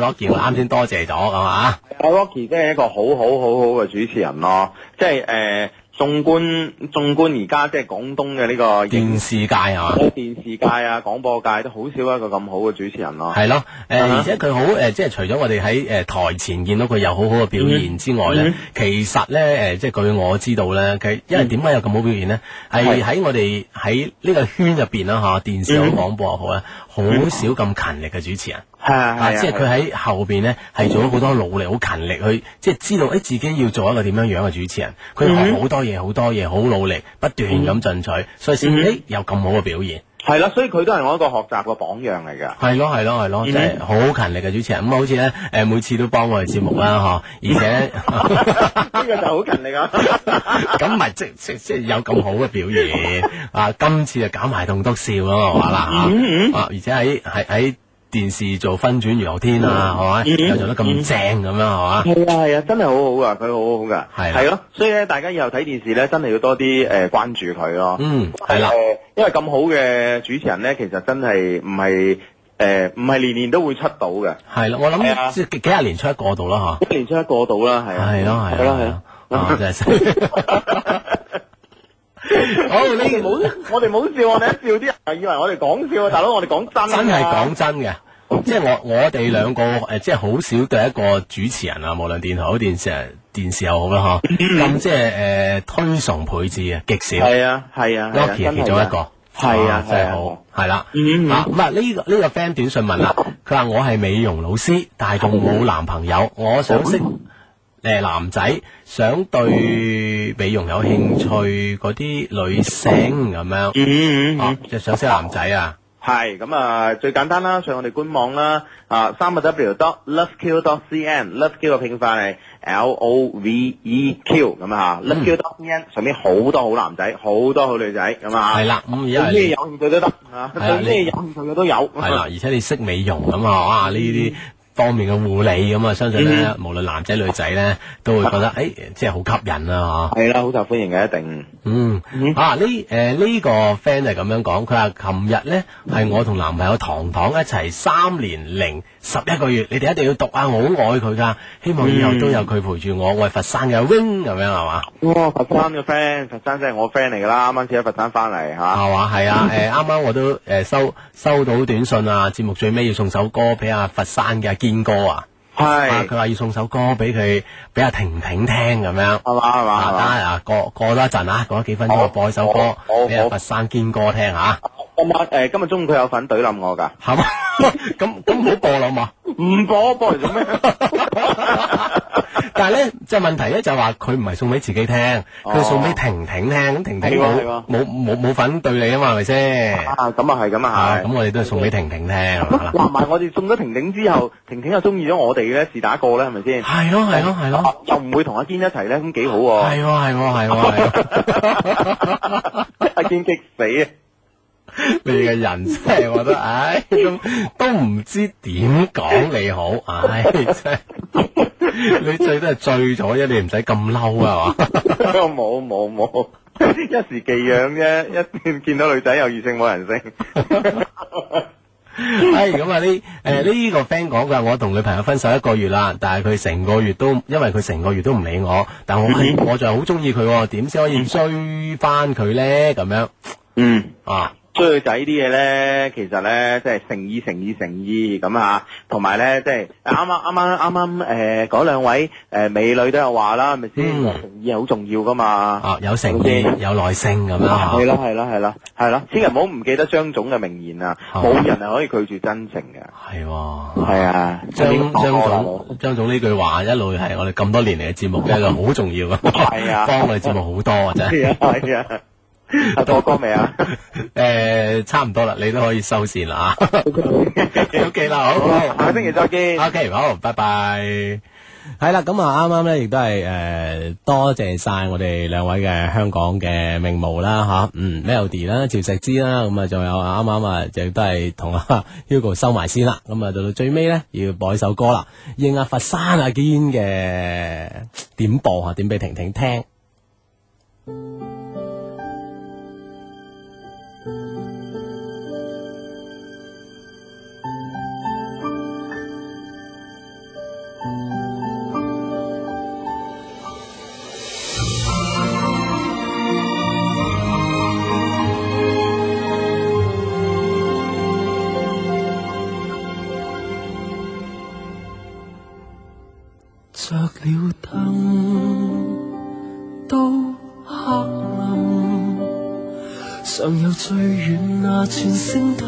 Rocky 我啱先多謝咗，係嘛？啊，Rocky 真係一個好好好好嘅主持人咯、啊，即係誒。呃縱觀縱觀而家即係廣東嘅呢個電視界啊，電視界啊、廣播界都好少一個咁好嘅主持人咯、啊。係咯，誒、呃 uh huh. 而且佢好誒，即、呃、係除咗我哋喺誒台前見到佢有好好嘅表現之外咧，uh huh. 其實咧誒、呃，即係據我知道咧，佢因為點解有咁好表現咧？係喺、uh huh. 我哋喺呢個圈入邊啦，嚇、啊、電視又好、廣播又好咧。Huh. 好少咁勤力嘅主持人，係的啊，即係佢喺後邊咧係做咗好多努力，好勤力去，即係知道誒自己要做一個點樣樣嘅主持人，佢學好多嘢，好多嘢，好努力，不斷咁進取，的所以先誒的有咁好嘅表現。係啦，所以佢都係我一個學習嘅榜樣嚟噶。係咯，係咯，係咯，即係好勤力嘅主持人。咁啊，好似咧，誒，每次都幫我哋節目啦，吓、mm，hmm. 而且呢 個就、 就是就是、好勤力啊。咁咪即即即有咁好嘅表現啊！今次就搞埋棟篤笑啦，係嘛啦。嗯、mm hmm. 啊，而且喺喺喺。電視做分轉如游天啊，係嘛、嗯，又做得咁正咁樣，係嘛，係啊係啊，真係好好噶，佢好好好噶，係咯，所以咧，大家以後睇電視咧，真係要多啲誒關注佢咯，嗯，係啦，因為咁好嘅主持人咧，其實真係唔係誒唔係年年都會出到嘅，係咯，我諗的幾幾廿年出一個到啦吓，幾廿年出一個到啦，係啊，係咯係咯係咯，真係。 好你唔好，我哋唔好笑，你一笑啲人就以為我哋講笑啊！大佬，我哋講真啊！真係講真嘅，即係我我哋兩個誒，即係好少對一個主持人啊，無論電台、好電視、電視又好啦，吓咁即係誒推崇備至啊，極少係啊係啊，我哋其中一個係啊真係好係啦吓，咁啊呢個呢個 friend 短信問啦，佢話我係美容老師，但係仲冇男朋友，我想識。誒，男仔想對美容有興趣嗰啲女性咁樣，啊，就想識男仔啊，係，咁啊最簡單啦，上我哋官網啦，啊，三個 w dot loveq dot cn，loveq 嘅拼法係 l o v e q，咁啊，loveq dot cn 上面好多好男仔，好多好女仔，咁啊，係啦，對咩有興趣都得，啊，對咩有興趣嘅都有，係啦，而且你識美容咁啊，哇呢啲。方面嘅護理咁啊，相信咧，嗯、無論男仔、嗯、女仔咧，都會覺得，誒，即係好吸引啦、啊，嚇。係啦，好受歡迎嘅一定。嗯，嗯啊，呃這個、呢誒，呢個 friend 就咁樣講佢話，琴日咧係我同男朋友糖糖一齊三年零。十一個月，你哋一定要讀啊！我好愛佢噶，希望以後都有佢陪住我。我係佛山嘅，wing 咁樣係嘛？哇！佛山嘅 friend，佛山即係我 friend 嚟噶啦，啱啱先喺佛山翻嚟吓。係嘛？係啊，誒、 欸，啱啱我都誒收收到短信啊，節目最尾要送首歌俾阿佛山嘅，堅哥啊！係，佢話是要送首歌俾佢，俾阿婷婷聽咁樣。係嘛？係嘛，等過過多一陣啊，過咗幾分鐘我播一首歌俾阿佛山堅歌聽吓。啊。我誒，今日中午佢有份懟冧我噶係嘛是吧？咁咁唔好播啦好嘛，唔 播 播嚟做咩？ 但係咧，即係問題咧，就係話佢唔係送俾自己聽，佢送俾婷婷聽，咁婷婷冇冇冇冇份對你啊嘛，係咪先？啊，咁啊係咁啊，係，咁我哋都係送俾婷婷聽。咁，同埋我哋送咗婷婷之後，婷婷又中意咗我哋嘅，是打過咧，係咪先？係咯，係咯，係咯，又唔會同阿堅一齊咧，咁幾好。係喎，係喎，係喎，係。阿堅激死啊！你嘅人真係，我覺得，唉、哎，咁都唔知點講你好，唉、哎，真係，你最多係醉咗啫，你唔使咁嬲啊嘛。我冇冇冇，一時技癢啫，一見到女仔有異性冇人性。唉、哎，咁啊呢，誒、呃、呢、這個 friend 講嘅，我同女朋友分手一個月啦，但係佢成個月都，因為佢成個月都唔理我，但我我就係好中意佢，點先可以追翻佢咧？咁樣，嗯，啊。所以就係呢啲嘢咧，其實咧即係誠意、誠意、誠意咁啊，同埋咧即係啱啱啱啱啱啱誒嗰兩位誒美女都有話啦，係咪先？誠意好重要噶嘛。哦，有誠意，有耐性咁樣嚇。係咯，係咯，係咯，係咯，千祈唔好唔記得張總嘅名言啊！冇人係可以拒絕真情嘅。係喎。係啊，張張總張總呢句話一路係我哋咁多年嚟嘅節目一個好重要啊，幫我哋節目好多啊真係。係啊！係啊！到我歌未啊？誒，差唔多啦，你都可以收線啦啊。O K 啦，好，下個星期再見。O K，好，拜拜。係啦，咁啊，啱啱咧亦都係誒，多謝晒我哋兩位嘅香港嘅名模啦，吓，嗯，Melody 啦，趙石姿啦，咁啊，仲有啱啱啊，亦都係同阿 Hugo 收埋先啦。咁啊，到到最尾咧，要播一首歌啦，應阿佛山阿堅嘅點播啊，點俾婷婷聽。着了燈都黑暗，尚有最遠那串星體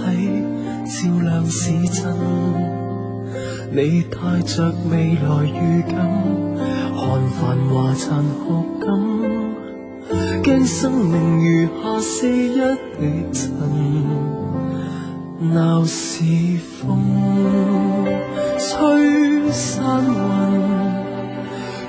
照亮市鎮。你帶着未來預感，看繁華殘酷感，驚生命餘下是一地塵。鬧市風吹散雲。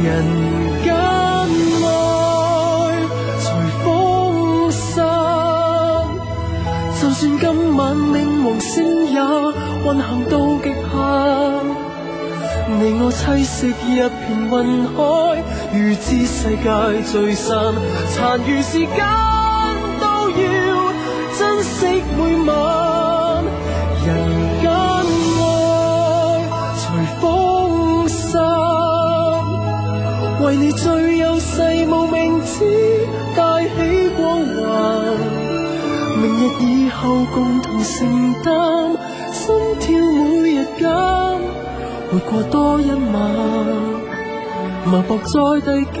人間愛隨風散，就算今晚冥王星也運行到極限。你我棲息一片雲海，如知世界聚散，殘餘時間都要珍惜每晚。共同承擔，心跳每日間，活過多一晚，脈搏在遞減。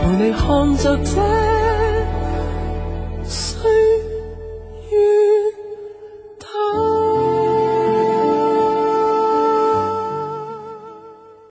陪你看着這。